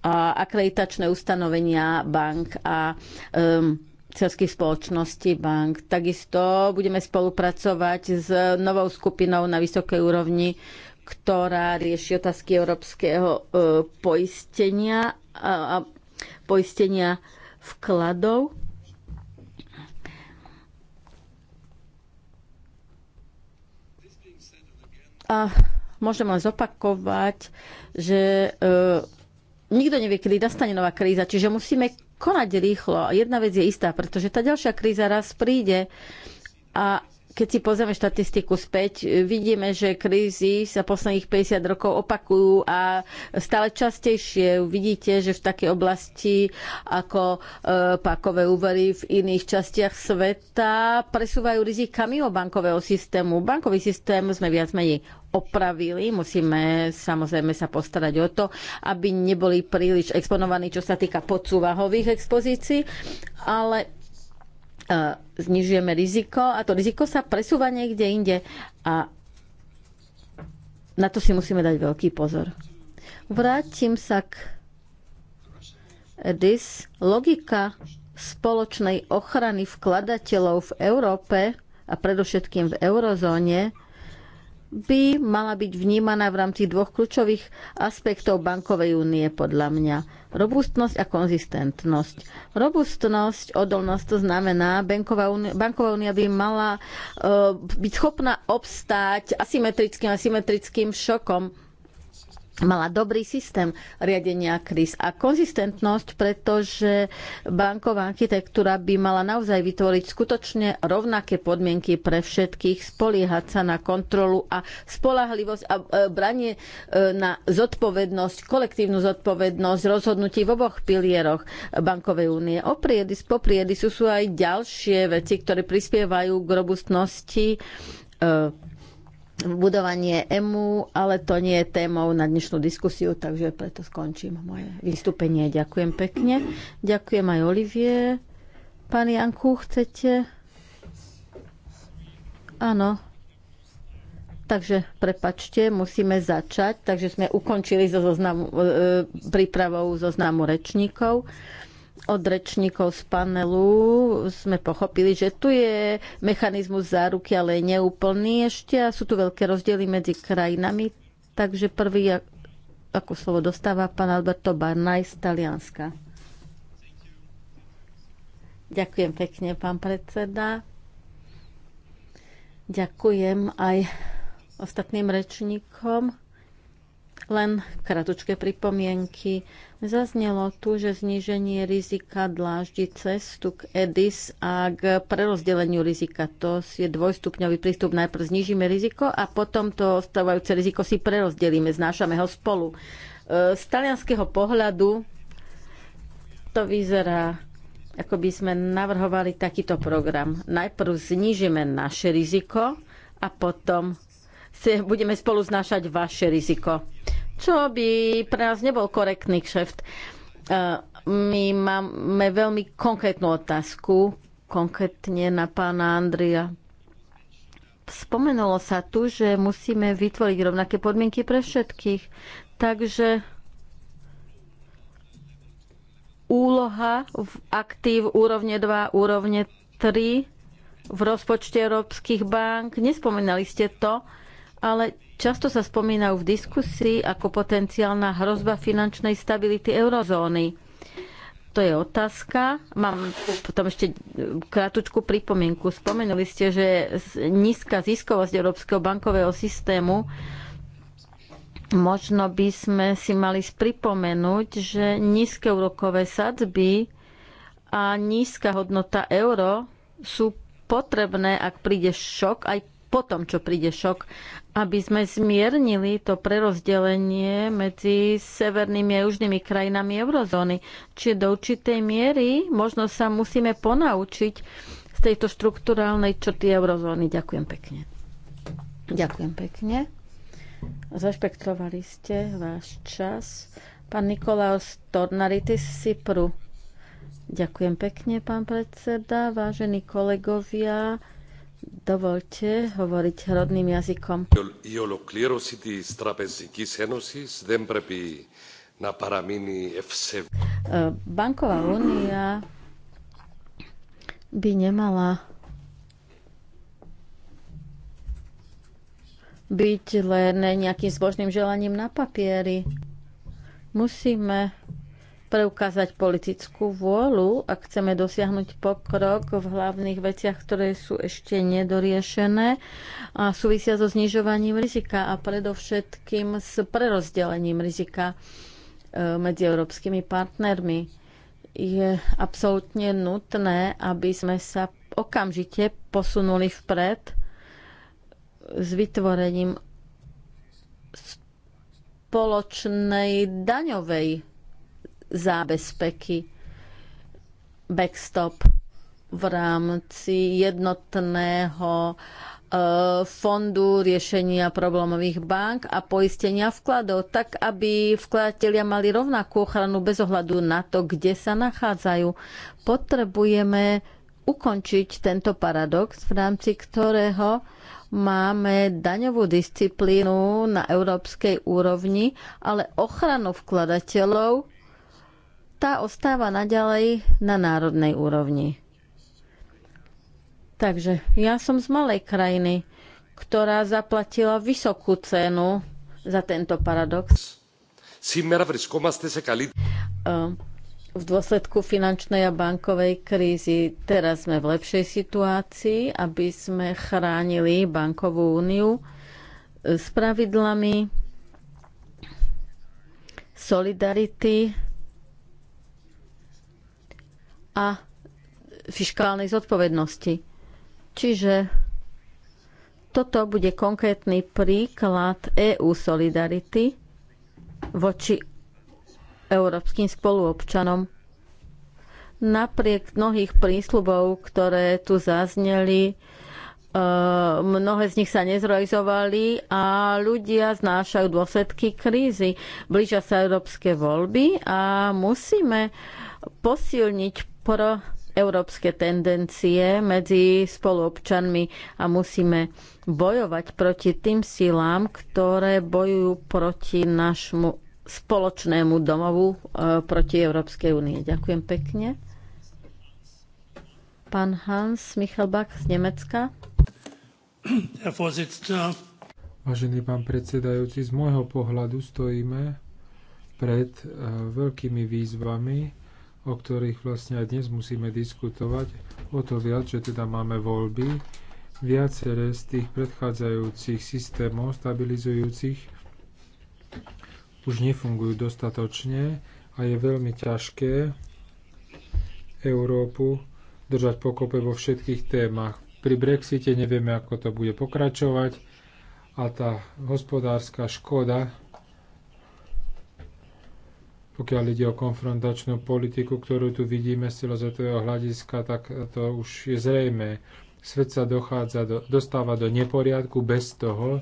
a akreditačné ustanovenia bank a um, akciovských spoločností, bank. Takisto budeme spolupracovať s novou skupinou na vysokej úrovni, ktorá rieši otázky európskeho e, poistenia a, poistenia vkladov. A môžem len zopakovať, že e, nikto nevie, kedy nastane nová kríza, čiže musíme konať rýchlo. Jedna vec je istá, pretože tá ďalšia kríza raz príde a keď si pozrieme štatistiku späť, vidíme, že krízy sa posledných 50 rokov opakujú a stále častejšie vidíte, že v takej oblasti ako e, pakové úvery v iných častiach sveta presúvajú rizika mimo bankového systému. Bankový systém sme viac menej opravili. Musíme samozrejme sa postarať o to, aby neboli príliš exponovaní, čo sa týka podsúvahových expozícií, ale E, znižujeme riziko a to riziko sa presúva niekde inde a na to si musíme dať veľký pozor. Vrátim sa k DIS. Logika spoločnej ochrany vkladateľov v Európe a predovšetkým v eurozóne by mala byť vnímaná v rámci dvoch kľúčových aspektov bankovej únie podľa mňa. Robustnosť a konzistentnosť. Robustnosť, odolnosť to znamená, banková unia banková unia by mala uh, byť schopná obstáť asymetrickým a symetrickým šokom mala dobrý systém riadenia kríz a konzistentnosť, pretože banková architektúra by mala naozaj vytvoriť skutočne rovnaké podmienky pre všetkých, spoliehať sa na kontrolu a spolahlivosť a e, branie e, na zodpovednosť, kolektívnu zodpovednosť rozhodnutí v oboch pilieroch bankovej únie. Opriedy, popriedy sú, sú aj ďalšie veci, ktoré prispievajú k robustnosti e, budovanie EMU, ale to nie je témou na dnešnú diskusiu, takže preto skončím moje vystúpenie. Ďakujem pekne. Ďakujem aj Olivie. Pán Janku, chcete? Áno. Takže prepačte, musíme začať. Takže sme ukončili so zoznamu, e, e prípravou zoznamu rečníkov od rečníkov z panelu sme pochopili, že tu je mechanizmus záruky, ale je neúplný ešte a sú tu veľké rozdiely medzi krajinami. Takže prvý, ako slovo dostáva pán Alberto Barnaj z Talianska. Ďakujem pekne, pán predseda. Ďakujem aj ostatným rečníkom. Len kratučké pripomienky. Zaznelo tu, že zníženie rizika dláždi cestu k EDIS a k prerozdeleniu rizika. To je dvojstupňový prístup. Najprv znížime riziko a potom to ostávajúce riziko si prerozdelíme, znášame ho spolu. E, z talianského pohľadu to vyzerá ako by sme navrhovali takýto program. Najprv znížime naše riziko a potom budeme spolu znášať vaše riziko čo by pre nás nebol korektný kšeft. E, my máme veľmi konkrétnu otázku, konkrétne na pána Andria. Spomenulo sa tu, že musíme vytvoriť rovnaké podmienky pre všetkých. Takže úloha v aktív úrovne 2, úrovne 3 v rozpočte európskych bank, nespomenali ste to, ale Často sa spomínajú v diskusii ako potenciálna hrozba finančnej stability eurozóny. To je otázka. Mám potom ešte krátku pripomienku. Spomenuli ste, že nízka ziskovosť európskeho bankového systému možno by sme si mali pripomenúť, že nízke úrokové sadzby a nízka hodnota euro sú potrebné, ak príde šok, aj potom, čo príde šok, aby sme zmiernili to prerozdelenie medzi severnými a južnými krajinami eurozóny. Čiže do určitej miery možno sa musíme ponaučiť z tejto štruktúrálnej črty eurozóny. Ďakujem pekne. Ďakujem pekne. Zašpektovali ste váš čas. Pán Nikolaos Tornaritis z Cypru. Ďakujem pekne, pán predseda, vážení kolegovia. Dovolte hovoriť rodným jazykom. Banková únia by nemala byť len nejakým zbožným želaním na papieri. Musíme preukázať politickú vôľu, ak chceme dosiahnuť pokrok v hlavných veciach, ktoré sú ešte nedoriešené a súvisia so znižovaním rizika a predovšetkým s prerozdelením rizika e, medzi európskymi partnermi. Je absolútne nutné, aby sme sa okamžite posunuli vpred s vytvorením spoločnej daňovej zábezpeky, backstop v rámci jednotného e, fondu riešenia problémových bank a poistenia vkladov, tak aby vkladatelia mali rovnakú ochranu bez ohľadu na to, kde sa nachádzajú. Potrebujeme ukončiť tento paradox, v rámci ktorého máme daňovú disciplínu na európskej úrovni, ale ochranu vkladateľov tá ostáva naďalej na národnej úrovni. Takže ja som z malej krajiny, ktorá zaplatila vysokú cenu za tento paradox. V dôsledku finančnej a bankovej krízy teraz sme v lepšej situácii, aby sme chránili bankovú úniu s pravidlami solidarity a fiškálnej zodpovednosti. Čiže toto bude konkrétny príklad EU solidarity voči európskym spoluobčanom. Napriek mnohých prísľubov, ktoré tu zazneli, e, mnohé z nich sa nezrealizovali a ľudia znášajú dôsledky krízy. Blížia sa európske voľby a musíme posilniť pro európske tendencie medzi spoluobčanmi a musíme bojovať proti tým silám, ktoré bojujú proti našmu spoločnému domovu, e, proti Európskej únie. Ďakujem pekne. Pán Hans Michalbach z Nemecka. Vážený pán predsedajúci, z môjho pohľadu stojíme pred e, veľkými výzvami, o ktorých vlastne aj dnes musíme diskutovať. O to viac, že teda máme voľby. Viaceré z tých predchádzajúcich systémov stabilizujúcich už nefungujú dostatočne a je veľmi ťažké Európu držať pokope vo všetkých témach. Pri Brexite nevieme, ako to bude pokračovať a tá hospodárska škoda pokiaľ ide o konfrontačnú politiku, ktorú tu vidíme z celozvetového hľadiska, tak to už je zrejme. Svet sa dochádza do, dostáva do neporiadku bez toho,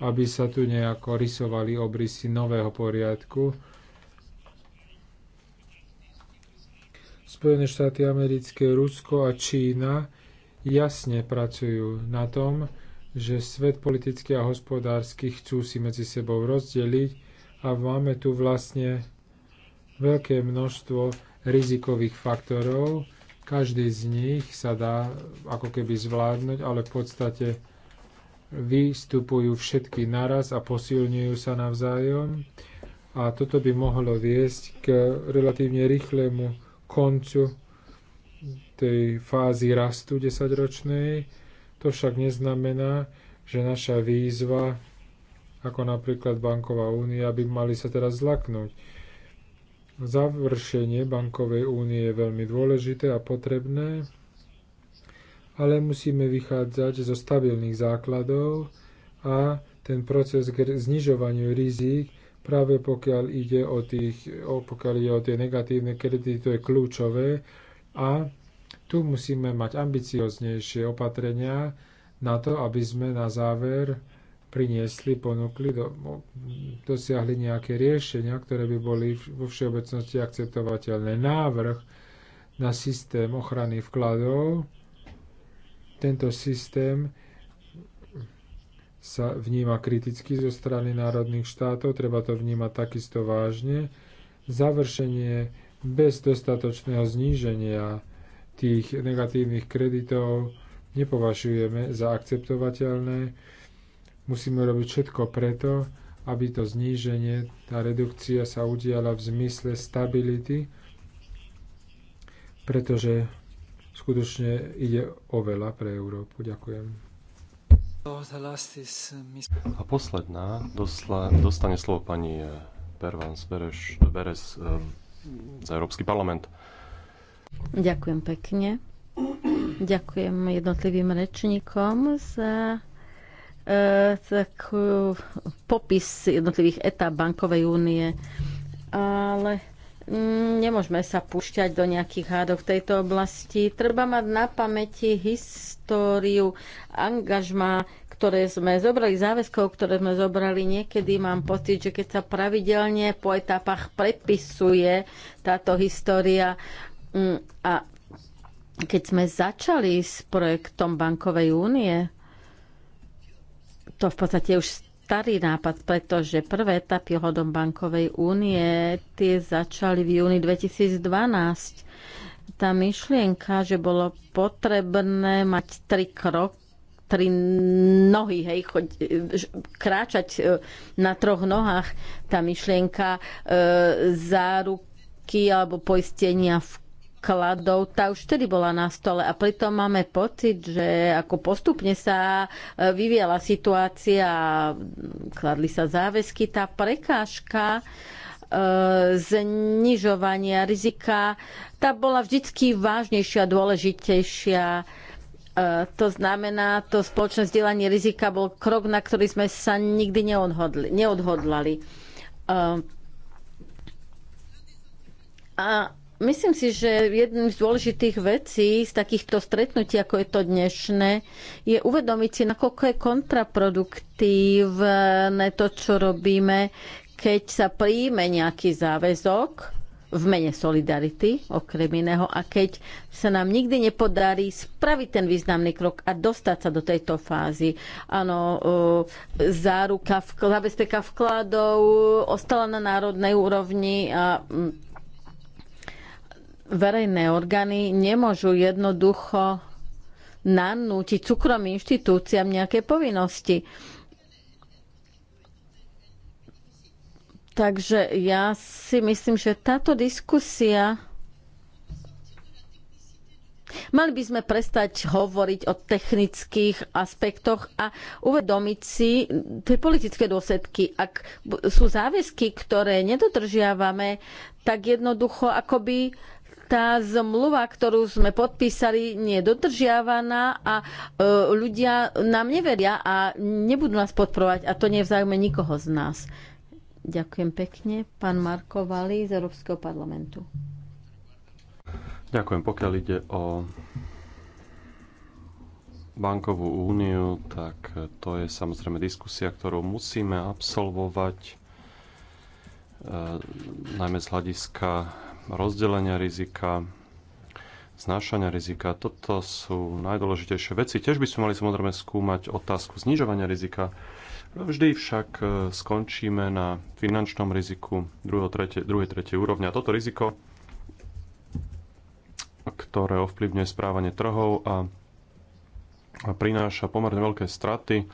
aby sa tu nejako rysovali obrysy nového poriadku. Spojené štáty americké, Rusko a Čína jasne pracujú na tom, že svet politický a hospodársky chcú si medzi sebou rozdeliť a máme tu vlastne veľké množstvo rizikových faktorov. Každý z nich sa dá ako keby zvládnuť, ale v podstate vystupujú všetky naraz a posilňujú sa navzájom. A toto by mohlo viesť k relatívne rýchlemu koncu tej fázy rastu desaťročnej. To však neznamená, že naša výzva, ako napríklad Banková únia, by mali sa teraz zlaknúť Završenie bankovej únie je veľmi dôležité a potrebné, ale musíme vychádzať zo stabilných základov a ten proces k znižovaniu rizík, práve pokiaľ ide o, tých, o, pokiaľ ide o tie negatívne kredity, to je kľúčové a tu musíme mať ambicioznejšie opatrenia na to, aby sme na záver priniesli, ponúkli, do, dosiahli nejaké riešenia, ktoré by boli vo všeobecnosti akceptovateľné. Návrh na systém ochrany vkladov, tento systém sa vníma kriticky zo strany národných štátov, treba to vnímať takisto vážne. Završenie bez dostatočného zníženia tých negatívnych kreditov nepovažujeme za akceptovateľné Musíme robiť všetko preto, aby to zníženie, tá redukcia sa udiala v zmysle stability, pretože skutočne ide o veľa pre Európu. Ďakujem. A posledná dosla, dostane slovo pani eh, Pervans Bereš, Beres eh, za Európsky parlament. Ďakujem pekne. Ďakujem jednotlivým rečníkom za E, tak, e, popis jednotlivých etap bankovej únie. Ale mm, nemôžeme sa púšťať do nejakých hádok v tejto oblasti. Treba mať na pamäti históriu angažma, ktoré sme zobrali, záväzkov, ktoré sme zobrali. Niekedy mám pocit, že keď sa pravidelne po etapách prepisuje táto história mm, a keď sme začali s projektom Bankovej únie, to v podstate už starý nápad, pretože prvé etapy hodom bankovej únie tie začali v júni 2012. Tá myšlienka, že bolo potrebné mať tri kroky, tri nohy, hej, choď, kráčať e, na troch nohách, tá myšlienka e, záruky alebo poistenia v nákladov, tá už vtedy bola na stole a pritom máme pocit, že ako postupne sa e, vyviela situácia, kladli sa záväzky, tá prekážka e, znižovania rizika, tá bola vždycky vážnejšia, dôležitejšia. E, to znamená, to spoločné zdieľanie rizika bol krok, na ktorý sme sa nikdy neodhodli, neodhodlali. A Myslím si, že jedným z dôležitých vecí z takýchto stretnutí, ako je to dnešné, je uvedomiť si, nakoľko je kontraproduktívne to, čo robíme, keď sa príjme nejaký záväzok v mene solidarity, okrem iného, a keď sa nám nikdy nepodarí spraviť ten významný krok a dostať sa do tejto fázy. Áno, e, záruka, zabezpeka vkladov ostala na národnej úrovni a verejné orgány nemôžu jednoducho nanútiť súkromným inštitúciám nejaké povinnosti. Takže ja si myslím, že táto diskusia Mali by sme prestať hovoriť o technických aspektoch a uvedomiť si tie politické dôsledky. Ak sú záväzky, ktoré nedodržiavame, tak jednoducho akoby tá zmluva, ktorú sme podpísali, nie je dodržiavaná a e, ľudia nám neveria a nebudú nás podporovať a to nie je nikoho z nás. Ďakujem pekne. Pán Marko Vali z Európskeho parlamentu. Ďakujem. Pokiaľ ide o bankovú úniu, tak to je samozrejme diskusia, ktorú musíme absolvovať, e, najmä z hľadiska rozdelenia rizika, znášania rizika. Toto sú najdôležitejšie veci. Tiež by sme mali samozrejme skúmať otázku znižovania rizika. No vždy však e, skončíme na finančnom riziku tretie, druhej, 2. úrovne. A Toto riziko, ktoré ovplyvňuje správanie trhov a prináša pomerne veľké straty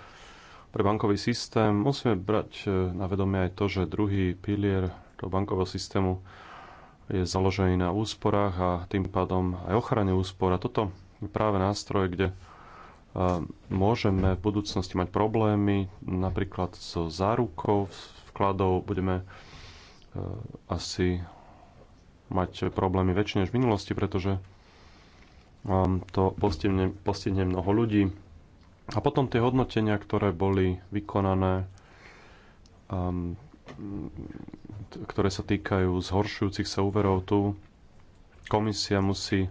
pre bankový systém, musíme brať e, na vedomie aj to, že druhý pilier toho bankového systému je založený na úsporách a tým pádom aj ochrane úspor. A toto je práve nástroj, kde e, môžeme v budúcnosti mať problémy, napríklad so zárukou vkladov budeme e, asi mať problémy väčšie než v minulosti, pretože e, to postihne, postihne mnoho ľudí. A potom tie hodnotenia, ktoré boli vykonané, ktoré sa týkajú zhoršujúcich sa úverov, tu komisia musí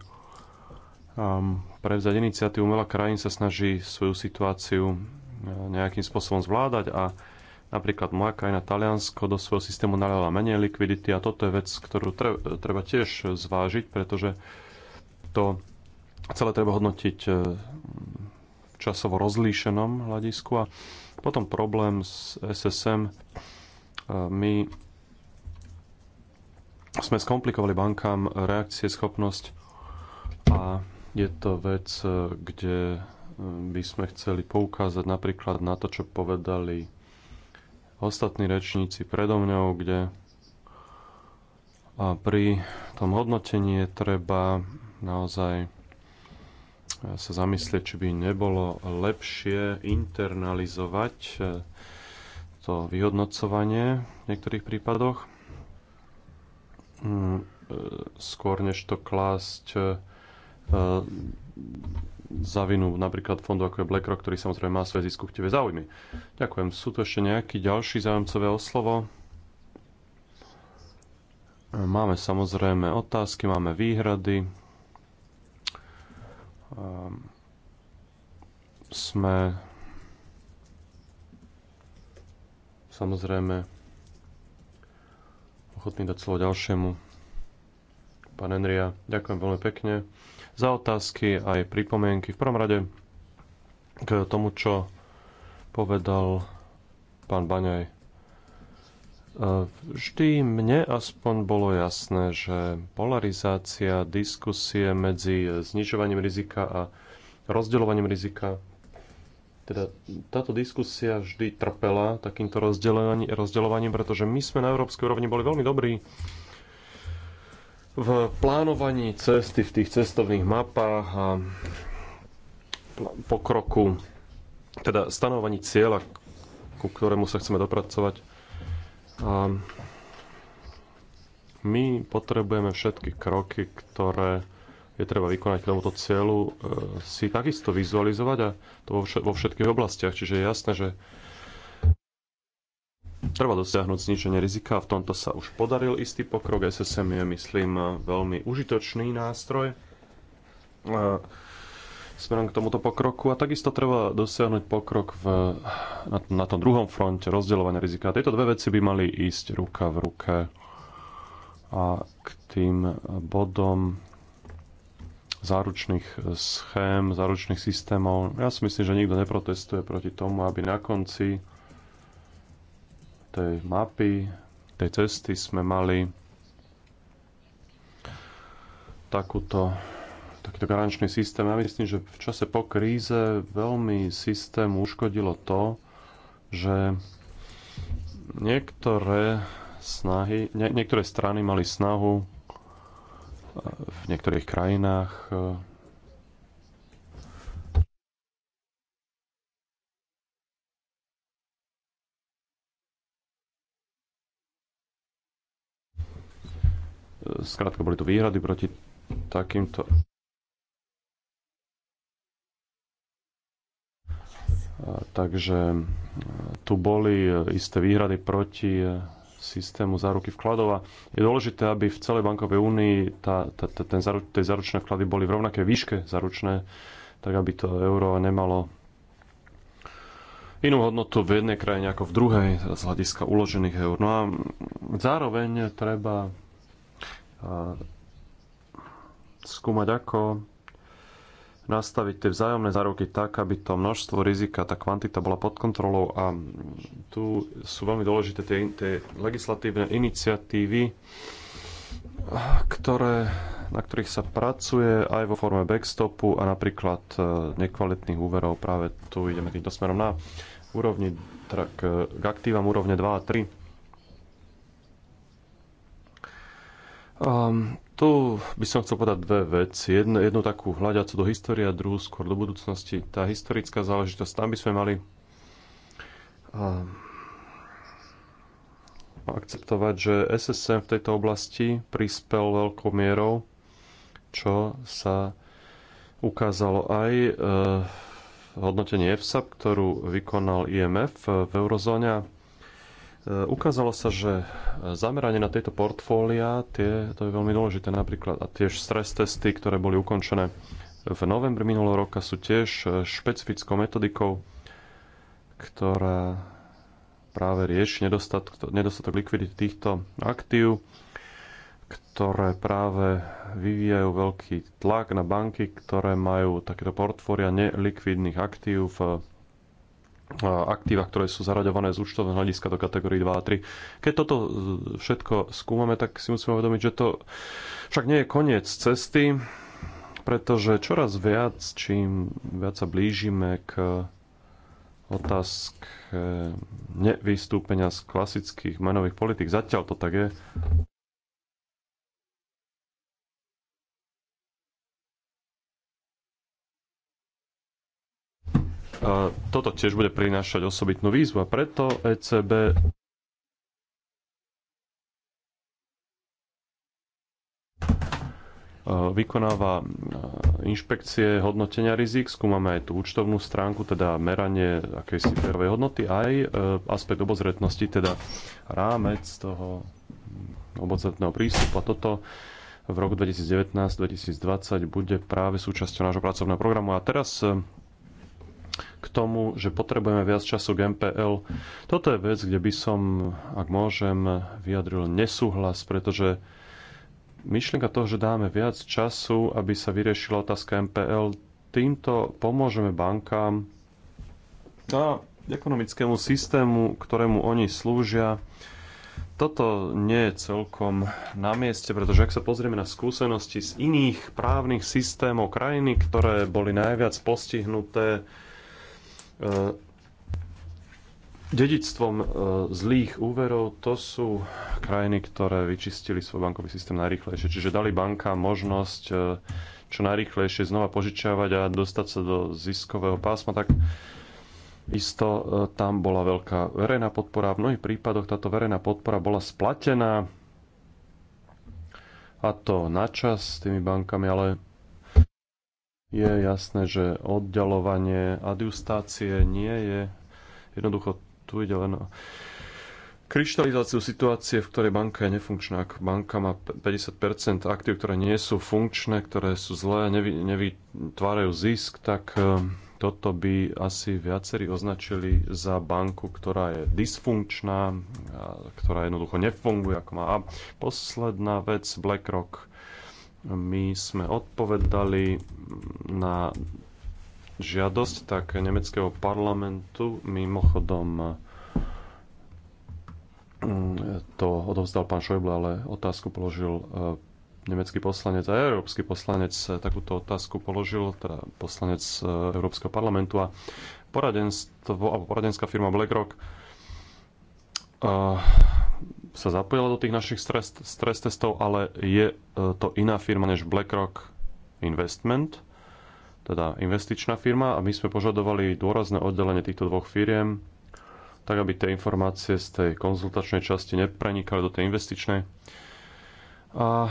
um, prevzať iniciatívu. Veľa krajín sa snaží svoju situáciu uh, nejakým spôsobom zvládať a napríklad moja krajina Taliansko do svojho systému naliala menej likvidity a toto je vec, ktorú treba tiež zvážiť, pretože to celé treba hodnotiť v uh, časovo rozlíšenom hľadisku a potom problém s SSM my sme skomplikovali bankám reakcie, schopnosť a je to vec, e, kde e, by sme chceli poukázať napríklad na to, čo povedali ostatní rečníci predo mňou, kde a pri tom hodnotení je treba naozaj e, sa zamyslieť, či by nebolo lepšie internalizovať to vyhodnocovanie v niektorých prípadoch. Mm, e, skôr než to klásť e, za vinu napríklad fondu ako je BlackRock, ktorý samozrejme má svoje ziskuptivé záujmy. Ďakujem. Sú tu ešte nejakí ďalší záujemcové oslovo? E, máme samozrejme otázky, máme výhrady. Sme samozrejme ochotný dať slovo ďalšiemu. Pán Enria, ďakujem veľmi pekne za otázky aj pripomienky. V prvom rade k tomu, čo povedal pán Baňaj. E, vždy mne aspoň bolo jasné, že polarizácia diskusie medzi znižovaním rizika a rozdeľovaním rizika teda táto diskusia vždy trpela takýmto rozdeľovaním, pretože my sme na európskej úrovni boli veľmi dobrí v plánovaní cesty v tých cestovných mapách a pokroku, teda stanovaní cieľa, ku ktorému sa chceme dopracovať. A my potrebujeme všetky kroky, ktoré je treba vykonať k tomuto cieľu, e, si takisto vizualizovať a to vo všetkých oblastiach. Čiže je jasné, že Treba dosiahnuť zničenie rizika, v tomto sa už podaril istý pokrok. SSM je, myslím, veľmi užitočný nástroj e, smerom k tomuto pokroku a takisto treba dosiahnuť pokrok v, na, na tom druhom fronte rozdeľovania rizika. Tieto dve veci by mali ísť ruka v ruke. A k tým bodom záručných e, schém, záručných systémov. Ja si myslím, že nikto neprotestuje proti tomu, aby na konci tej mapy, tej cesty sme mali takúto, takýto garančný systém. Ja myslím, že v čase po kríze veľmi systém uškodilo to, že niektoré snahy, nie, niektoré strany mali snahu v niektorých krajinách e, Skrátka, boli tu výhrady proti takýmto e, Takže e, tu boli isté výhrady proti systému záruky vkladov a je dôležité, aby v celej bankovej únii tá, tá, tá, ten zaru, tie zaručné vklady boli v rovnakej výške zaručné, tak aby to euro nemalo inú hodnotu v jednej krajine ako v druhej z hľadiska uložených eur. No a zároveň treba skúmať, ako nastaviť tie vzájomné záruky tak, aby to množstvo rizika, tá kvantita bola pod kontrolou a tu sú veľmi dôležité tie, tie legislatívne iniciatívy, ktoré, na ktorých sa pracuje aj vo forme backstopu a napríklad e, nekvalitných úverov. Práve tu ideme týmto smerom na úrovni, teda k, k aktívam úrovne 2 a 3. Um, ehm, tu by som chcel povedať dve veci. Jednu, jednu takú hľadiacu do histórie a druhú skôr do budúcnosti. Tá historická záležitosť, tam by sme mali uh, akceptovať, že SSM v tejto oblasti prispel veľkou mierou, čo sa ukázalo aj uh, ehm, hodnotenie EFSA, ktorú vykonal IMF v eurozóne E, ukázalo sa, že e, zameranie na tieto portfólia, tie, to je veľmi dôležité napríklad, a tiež stres testy, ktoré boli ukončené v novembri minulého roka, sú tiež e, špecifickou metodikou, ktorá práve rieši nedostatok, nedostatok likvidity týchto aktív, ktoré práve vyvíjajú veľký tlak na banky, ktoré majú takéto portfólia nelikvidných aktív v aktíva, ktoré sú zaraďované z účtovného hľadiska do kategórií 2 a 3. Keď toto e, všetko skúmame, tak si musíme uvedomiť, že to však nie je koniec cesty, pretože čoraz viac, čím viac sa blížime k otázke nevystúpenia z klasických menových politik, zatiaľ to tak je, toto tiež bude prinášať osobitnú výzvu a preto ECB vykonáva inšpekcie hodnotenia rizik, skúmame aj tú účtovnú stránku, teda meranie akejsi férovej hodnoty, aj e, aspekt obozretnosti, teda rámec toho obozretného prístupu. A toto v roku 2019-2020 bude práve súčasťou nášho pracovného programu. A teraz e, k tomu, že potrebujeme viac času k MPL. Toto je vec, kde by som, ak môžem, vyjadril nesúhlas, pretože myšlienka toho, že dáme viac času, aby sa vyriešila otázka MPL, týmto pomôžeme bankám a ekonomickému systému, ktorému oni slúžia. Toto nie je celkom na mieste, pretože ak sa pozrieme na skúsenosti z iných právnych systémov krajiny, ktoré boli najviac postihnuté E, dedictvom e, zlých úverov to sú krajiny, ktoré vyčistili svoj bankový systém najrychlejšie. Čiže dali banka možnosť e, čo najrychlejšie znova požičiavať a dostať sa do ziskového pásma, tak isto tam bola veľká verejná podpora. V mnohých prípadoch táto verejná podpora bola splatená a to načas s tými bankami, ale je jasné, že oddalovanie adjustácie nie je jednoducho tu ide len kryštalizáciu situácie, v ktorej banka je nefunkčná. Ak banka má 50% aktív, ktoré nie sú funkčné, ktoré sú zlé, nevy, nevytvárajú zisk, tak eh, toto by asi viacerí označili za banku, ktorá je dysfunkčná, ktorá jednoducho nefunguje, ako má. A posledná vec, BlackRock my sme odpovedali na žiadosť tak nemeckého parlamentu. Mimochodom mm, to odovzdal pán Schäuble, ale otázku položil e, nemecký poslanec a európsky poslanec e, takúto otázku položil, teda poslanec e, Európskeho parlamentu a poradenstvo, alebo poradenská firma BlackRock uh, sa zapojila do tých našich stres, stres testov, ale je e, to iná firma než BlackRock Investment, teda investičná firma a my sme požadovali dôrazné oddelenie týchto dvoch firiem, tak aby tie informácie z tej konzultačnej časti neprenikali do tej investičnej. A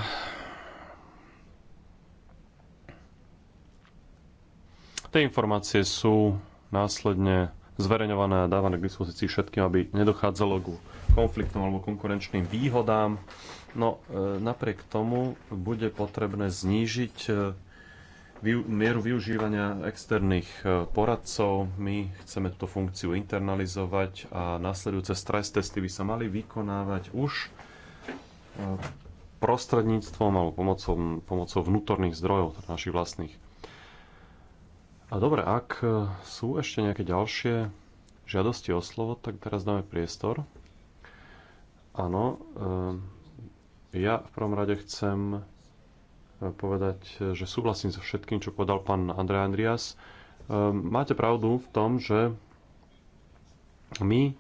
tie informácie sú následne zverejňované a dávané k dispozícii všetkým, aby nedochádzalo ku konfliktom alebo konkurenčným výhodám. No e, napriek tomu bude potrebné znížiť e, mieru využívania externých e, poradcov. My chceme túto funkciu internalizovať a nasledujúce stres testy by sa mali vykonávať už prostredníctvom alebo pomocou, pomocou vnútorných zdrojov, teda našich vlastných. A dobre, ak sú ešte nejaké ďalšie žiadosti o slovo, tak teraz dáme priestor Áno, ehm, ja v prvom rade chcem eh, povedať, že súhlasím so všetkým, čo povedal pán Andrej Andrias. Ehm, máte pravdu v tom, že my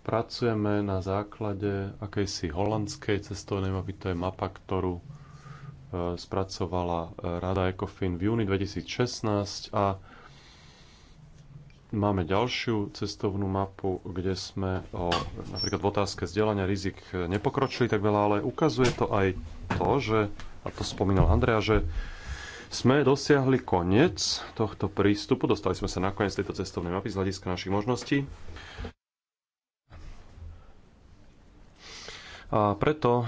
pracujeme na základe akejsi holandskej cestovnej mapy, to je mapa, ktorú eh, spracovala eh, Rada ECOFIN v júni 2016 a Máme ďalšiu cestovnú mapu, kde sme o, napríklad v otázke vzdelania rizik nepokročili tak veľa, ale ukazuje to aj to, že, a to spomínal Andrea, že sme dosiahli koniec tohto prístupu, dostali sme sa na koniec tejto cestovnej mapy z hľadiska našich možností. A preto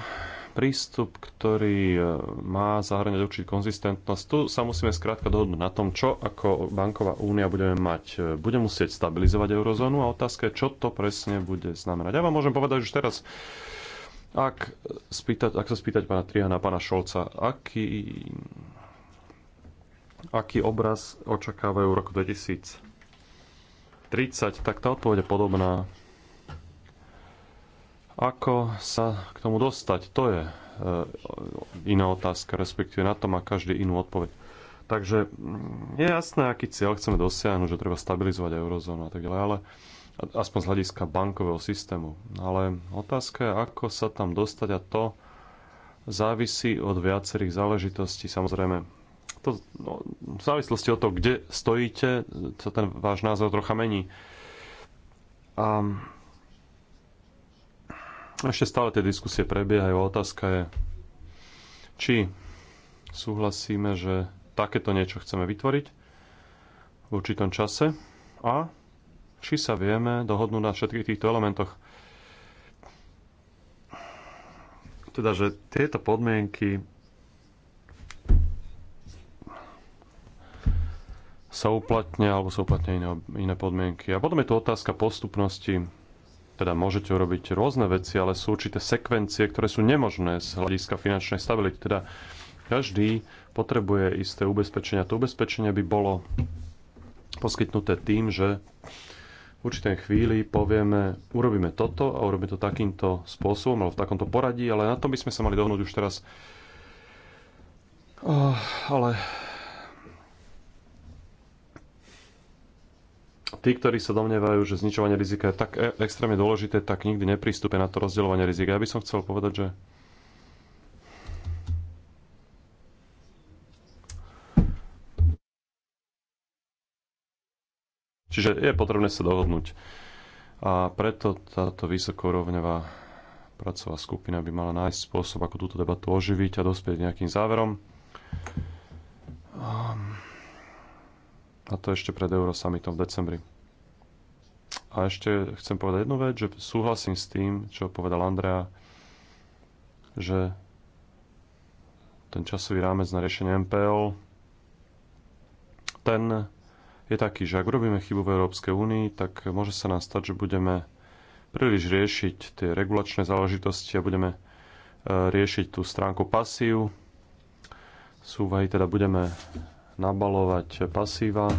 prístup, ktorý e, má zahrňať určitú konzistentnosť. Tu sa musíme skrátka dohodnúť na tom, čo ako banková únia budeme mať. E, bude musieť stabilizovať eurozónu a otázka je, čo to presne bude znamenať. Ja vám môžem povedať už teraz, ak, spýtať, ak sa spýtať pána Trihana, pána Šolca, aký, aký obraz očakávajú v roku 2030, tak tá odpoveď je podobná ako sa k tomu dostať, to je e, iná otázka, respektíve na to má každý inú odpoveď. Takže mm, je jasné, aký cieľ chceme dosiahnuť, že treba stabilizovať eurozónu a tak ďalej, ale aspoň z hľadiska bankového systému. Ale otázka je, ako sa tam dostať a to závisí od viacerých záležitostí. Samozrejme, to, no, v závislosti od toho, kde stojíte, sa ten váš názor trocha mení. A ešte stále tie diskusie prebiehajú. Otázka je, či súhlasíme, že takéto niečo chceme vytvoriť v určitom čase a či sa vieme dohodnúť na všetkých týchto elementoch. Teda, že tieto podmienky sa uplatnia alebo sa uplatnia iné, iné podmienky. A potom je tu otázka postupnosti teda môžete urobiť rôzne veci, ale sú určité sekvencie, ktoré sú nemožné z hľadiska finančnej stability. Teda každý potrebuje isté ubezpečenia. To ubezpečenie by bolo poskytnuté tým, že v určitej chvíli povieme, urobíme toto a urobíme to takýmto spôsobom, alebo v takomto poradí, ale na tom by sme sa mali dohodnúť už teraz. Oh, ale tí, ktorí sa domnievajú, že zničovanie rizika je tak e- extrémne dôležité, tak nikdy nepristúpia na to rozdeľovanie rizika. Ja by som chcel povedať, že Čiže je potrebné sa dohodnúť. A preto táto vysokorovňová pracová skupina by mala nájsť spôsob, ako túto debatu oživiť a dospieť nejakým záverom. Um, a to ešte pred Eurosummitom v decembri. A ešte chcem povedať jednu vec, že súhlasím s tým, čo povedal Andrea, že ten časový rámec na riešenie MPL, ten je taký, že ak robíme chybu v Európskej únii, tak môže sa nám stať, že budeme príliš riešiť tie regulačné záležitosti a budeme e, riešiť tú stránku pasív. Súvahy teda budeme nabalovať pasíva.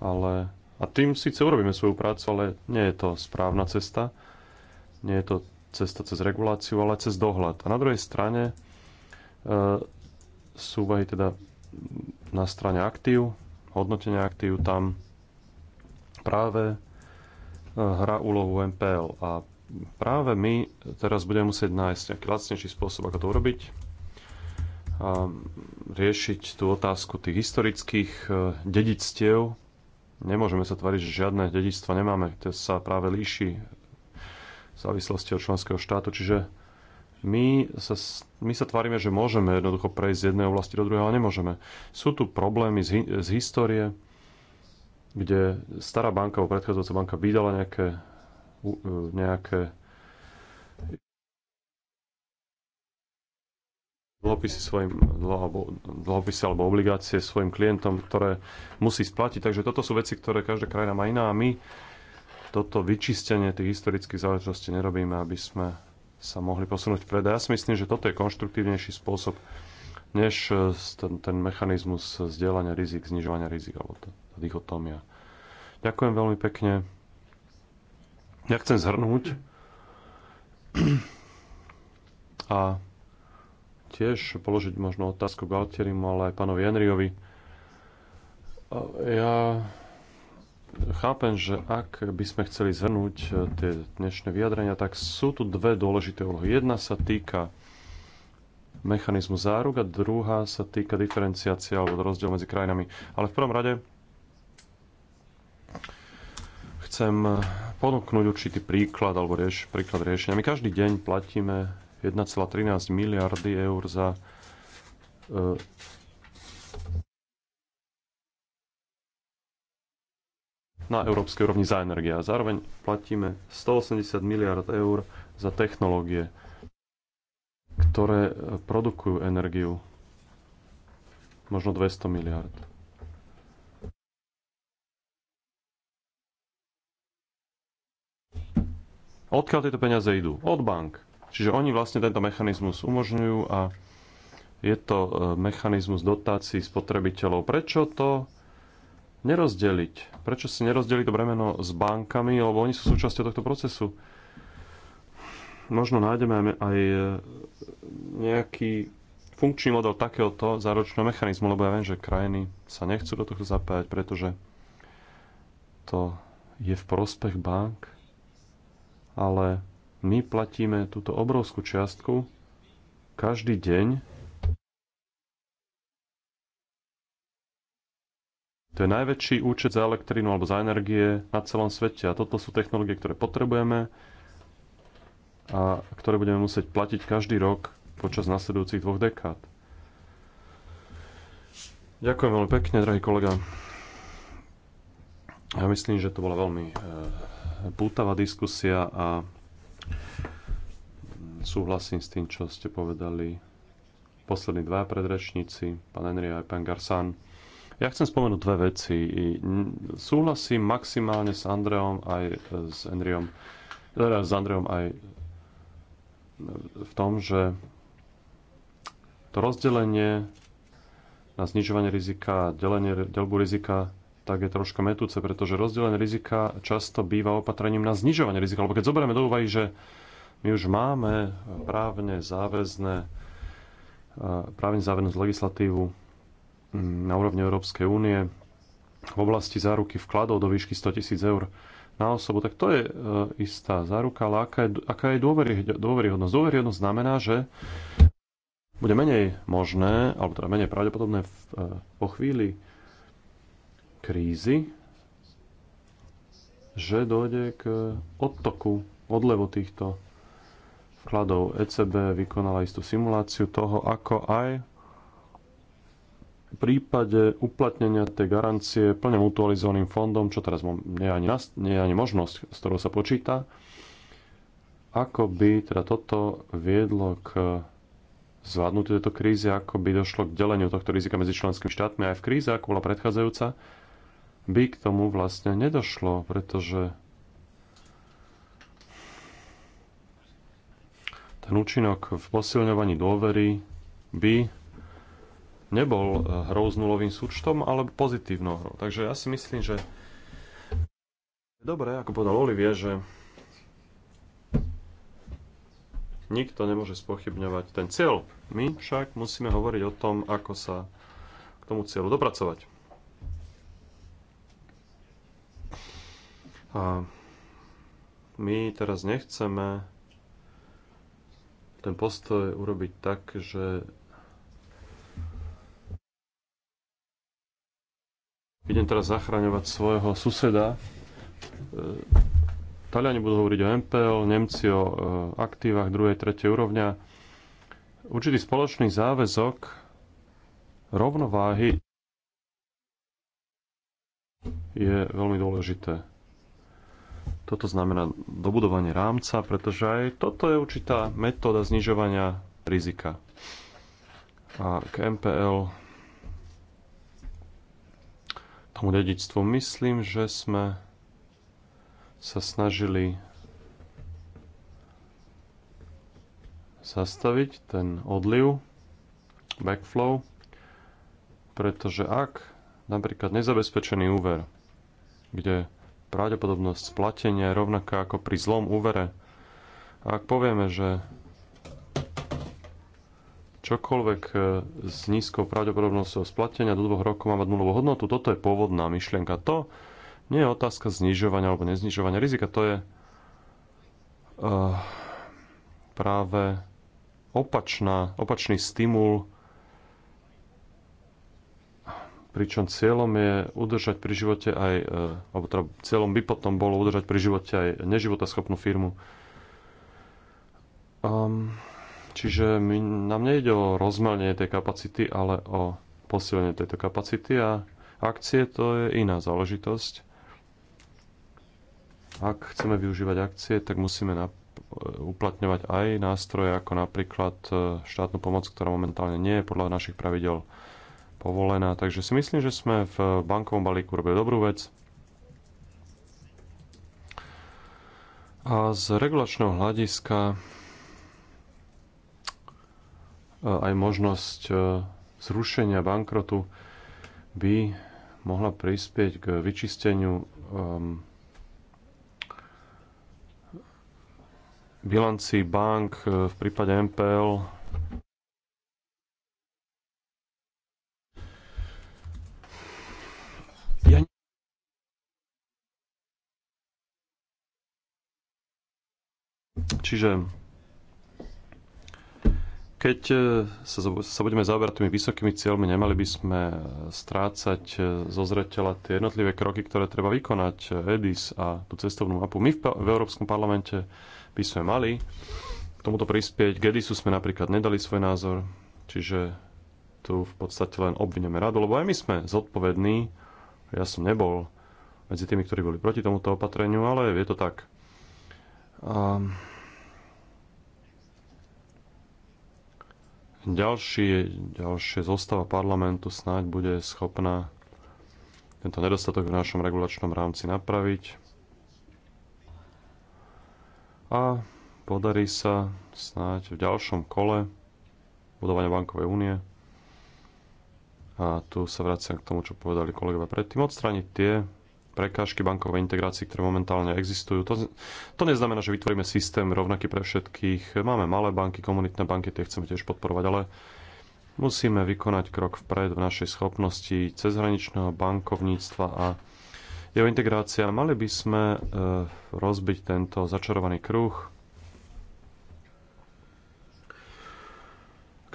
Ale, a tým síce urobíme svoju prácu, ale nie je to správna cesta. Nie je to cesta cez reguláciu, ale cez dohľad. A na druhej strane e, sú vahy teda na strane aktív, hodnotenia aktív, tam práve e, hra úlohu MPL. A práve my teraz budeme musieť nájsť nejaký lacnejší spôsob, ako to urobiť riešiť tú otázku tých historických e, dedictiev. Nemôžeme sa tvariť, že žiadne dedictvo nemáme. To sa práve líši v závislosti od členského štátu. Čiže my sa, my sa tvárime, že môžeme jednoducho prejsť z jednej oblasti do druhej, ale nemôžeme. Sú tu problémy z, z histórie, kde stará banka, alebo predchádzajúca banka vydala nejaké, e, nejaké dlhopisy svojim, dlhopisy alebo obligácie svojim klientom, ktoré musí splatiť. Takže toto sú veci, ktoré každá krajina má iná a my toto vyčistenie tých historických záležitostí nerobíme, aby sme sa mohli posunúť vpred. Ja si myslím, že toto je konštruktívnejší spôsob, než e, ten, ten mechanizmus zdieľania rizik, znižovania rizik alebo tá, tá dichotómia. Ďakujem veľmi pekne. Ja chcem zhrnúť a tiež položiť možno otázku Galtierimu, ale aj pánovi Henryovi. Ja chápem, že ak by sme chceli zhrnúť e, tie dnešné vyjadrenia, tak sú tu dve dôležité úlohy. Jedna sa týka mechanizmu záruk a druhá sa týka diferenciácie alebo rozdiel medzi krajinami. Ale v prvom rade chcem ponúknuť určitý príklad alebo rieš, príklad riešenia. My každý deň platíme 1,13 miliardy eur za e, na európskej úrovni za energie. A Zároveň platíme 180 miliard eur za technológie, ktoré produkujú energiu. Možno 200 miliard. Odkiaľ tieto peniaze idú? Od bank. Čiže oni vlastne tento mechanizmus umožňujú a je to e, mechanizmus dotácií spotrebiteľov. Prečo to nerozdeliť? Prečo si nerozdeliť to bremeno s bankami, lebo oni sú súčasťou tohto procesu? Možno nájdeme aj e, nejaký funkčný model takéhoto záročného mechanizmu, lebo ja viem, že krajiny sa nechcú do tohto zapájať, pretože to je v prospech bank, ale my platíme túto obrovskú čiastku každý deň. To je najväčší účet za elektrínu alebo za energie na celom svete. A toto sú technológie, ktoré potrebujeme a ktoré budeme musieť platiť každý rok počas nasledujúcich dvoch dekád. Ďakujem veľmi pekne, drahý kolega. Ja myslím, že to bola veľmi eh, pútavá diskusia a Súhlasím s tým, čo ste povedali poslední dva predrečníci, pán Henry a pán Garsan. Ja chcem spomenúť dve veci. Súhlasím maximálne s Andreom aj e, s Andreom, teda s Andreom aj e, v tom, že to rozdelenie na znižovanie rizika, delenie, delbu rizika tak je troška metúce, pretože rozdelené rizika často býva opatrením na znižovanie rizika. Lebo keď zoberieme do úvahy, že my už máme právne záväzne, právne záväznú legislatívu mm, na úrovni Európskej únie v oblasti záruky vkladov do výšky 100 tisíc eur na osobu, tak to je e, istá záruka, ale aká je, aká je dôveryhodnosť? Dôveryhodnosť znamená, že bude menej možné, alebo teda menej pravdepodobné v, e, po chvíli krízy, že dojde k odtoku, odlevu týchto vkladov. ECB vykonala istú simuláciu toho, ako aj v prípade uplatnenia tej garancie plne mutualizovaným fondom, čo teraz nie je ani, nie je ani možnosť, s ktorou sa počíta, ako by teda toto viedlo k zvládnutiu tejto krízy, ako by došlo k deleniu tohto rizika medzi členskými štátmi aj v kríze, ako bola predchádzajúca, by k tomu vlastne nedošlo, pretože ten účinok v posilňovaní dôvery by nebol eh, hrou s nulovým súčtom, ale pozitívnou hrou. Takže ja si myslím, že dobre, ako povedal Olivier, že nikto nemôže spochybňovať ten cieľ. My však musíme hovoriť o tom, ako sa k tomu cieľu dopracovať. A my teraz nechceme ten postoj urobiť tak, že idem teraz zachraňovať svojho suseda. E, Taliani budú hovoriť o MPO, Nemci o e, aktívach druhej tretej úrovňa. Určitý spoločný záväzok rovnováhy je veľmi dôležité. Toto znamená dobudovanie rámca, pretože aj toto je určitá metóda znižovania rizika. A k MPL tomu dedičstvu myslím, že sme sa snažili zastaviť ten odliv, backflow, pretože ak napríklad nezabezpečený úver, kde pravdepodobnosť splatenia je rovnaká ako pri zlom úvere. A ak povieme, že čokoľvek e, s nízkou pravdepodobnosťou splatenia do dvoch rokov má mať nulovú hodnotu, toto je pôvodná myšlienka. To nie je otázka znižovania alebo neznižovania rizika, to je uh, práve opačná, opačný stimul pričom cieľom je udržať pri živote aj, e, alebo teda cieľom by potom bolo udržať pri živote aj neživotaschopnú firmu. Um, čiže my, nám nejde o rozmelnenie tej kapacity, ale o posilnenie tejto kapacity a akcie to je iná záležitosť. Ak chceme využívať akcie, tak musíme na, e, uplatňovať aj nástroje ako napríklad e, štátnu pomoc, ktorá momentálne nie je podľa našich pravidel povolená. Takže si myslím, že sme v bankovom balíku robili dobrú vec. A z regulačného hľadiska e, aj možnosť e, zrušenia bankrotu by mohla prispieť k vyčisteniu um, bank e, v prípade MPL Čiže keď e, sa, budeme zaoberať tými vysokými cieľmi, nemali by sme e, strácať e, zo zreteľa tie jednotlivé kroky, ktoré treba vykonať, EDIS a tú cestovnú mapu. My v, v Európskom parlamente by sme mali k tomuto prispieť. K EDISu sme napríklad nedali svoj názor, čiže tu v podstate len obvineme radu, lebo aj my sme zodpovední. Ja som nebol medzi tými, ktorí boli proti tomuto opatreniu, ale je to tak. Um, ďalšie, ďalšie zostava parlamentu snáď bude schopná tento nedostatok v našom regulačnom rámci napraviť a podarí sa snáď v ďalšom kole budovania bankovej únie a tu sa vraciam k tomu, čo povedali kolegovia predtým, odstrániť tie prekážky bankovej integrácii, ktoré momentálne existujú. To, to neznamená, že vytvoríme systém rovnaký pre všetkých. Máme malé banky, komunitné banky, tie chceme tiež podporovať, ale musíme vykonať krok vpred v našej schopnosti cezhraničného bankovníctva a jeho integrácia. Mali by sme e, rozbiť tento začarovaný kruh,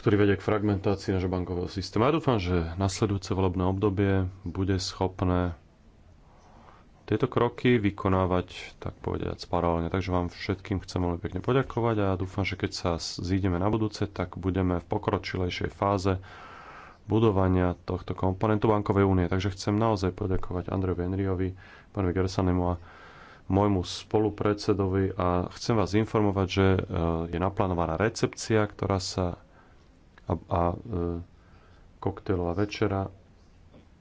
ktorý vedie k fragmentácii nášho bankového systému. Ja dúfam, že nasledujúce volebné obdobie bude schopné tieto kroky vykonávať, tak povediať, paralelne. Takže vám všetkým chcem veľmi pekne poďakovať a dúfam, že keď sa zídeme na budúce, tak budeme v pokročilejšej fáze budovania tohto komponentu bankovej únie. Takže chcem naozaj poďakovať Andrejovi Henryovi, pánovi Gersanemu a môjmu spolupredsedovi a chcem vás informovať, že e, je naplánovaná recepcia, ktorá sa a, a e, koktejlová večera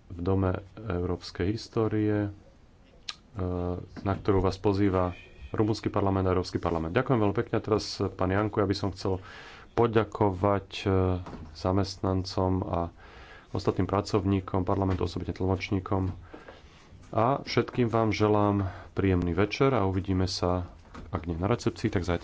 v Dome európskej histórie na ktorú vás pozýva Rumunský parlament a Európsky parlament. Ďakujem veľmi pekne. Teraz, pán Janku, ja by som chcel poďakovať e, zamestnancom a ostatným pracovníkom, parlamentu, osobitne tlmočníkom. A všetkým vám želám príjemný večer a uvidíme sa, ak nie na recepcii, tak zajtra.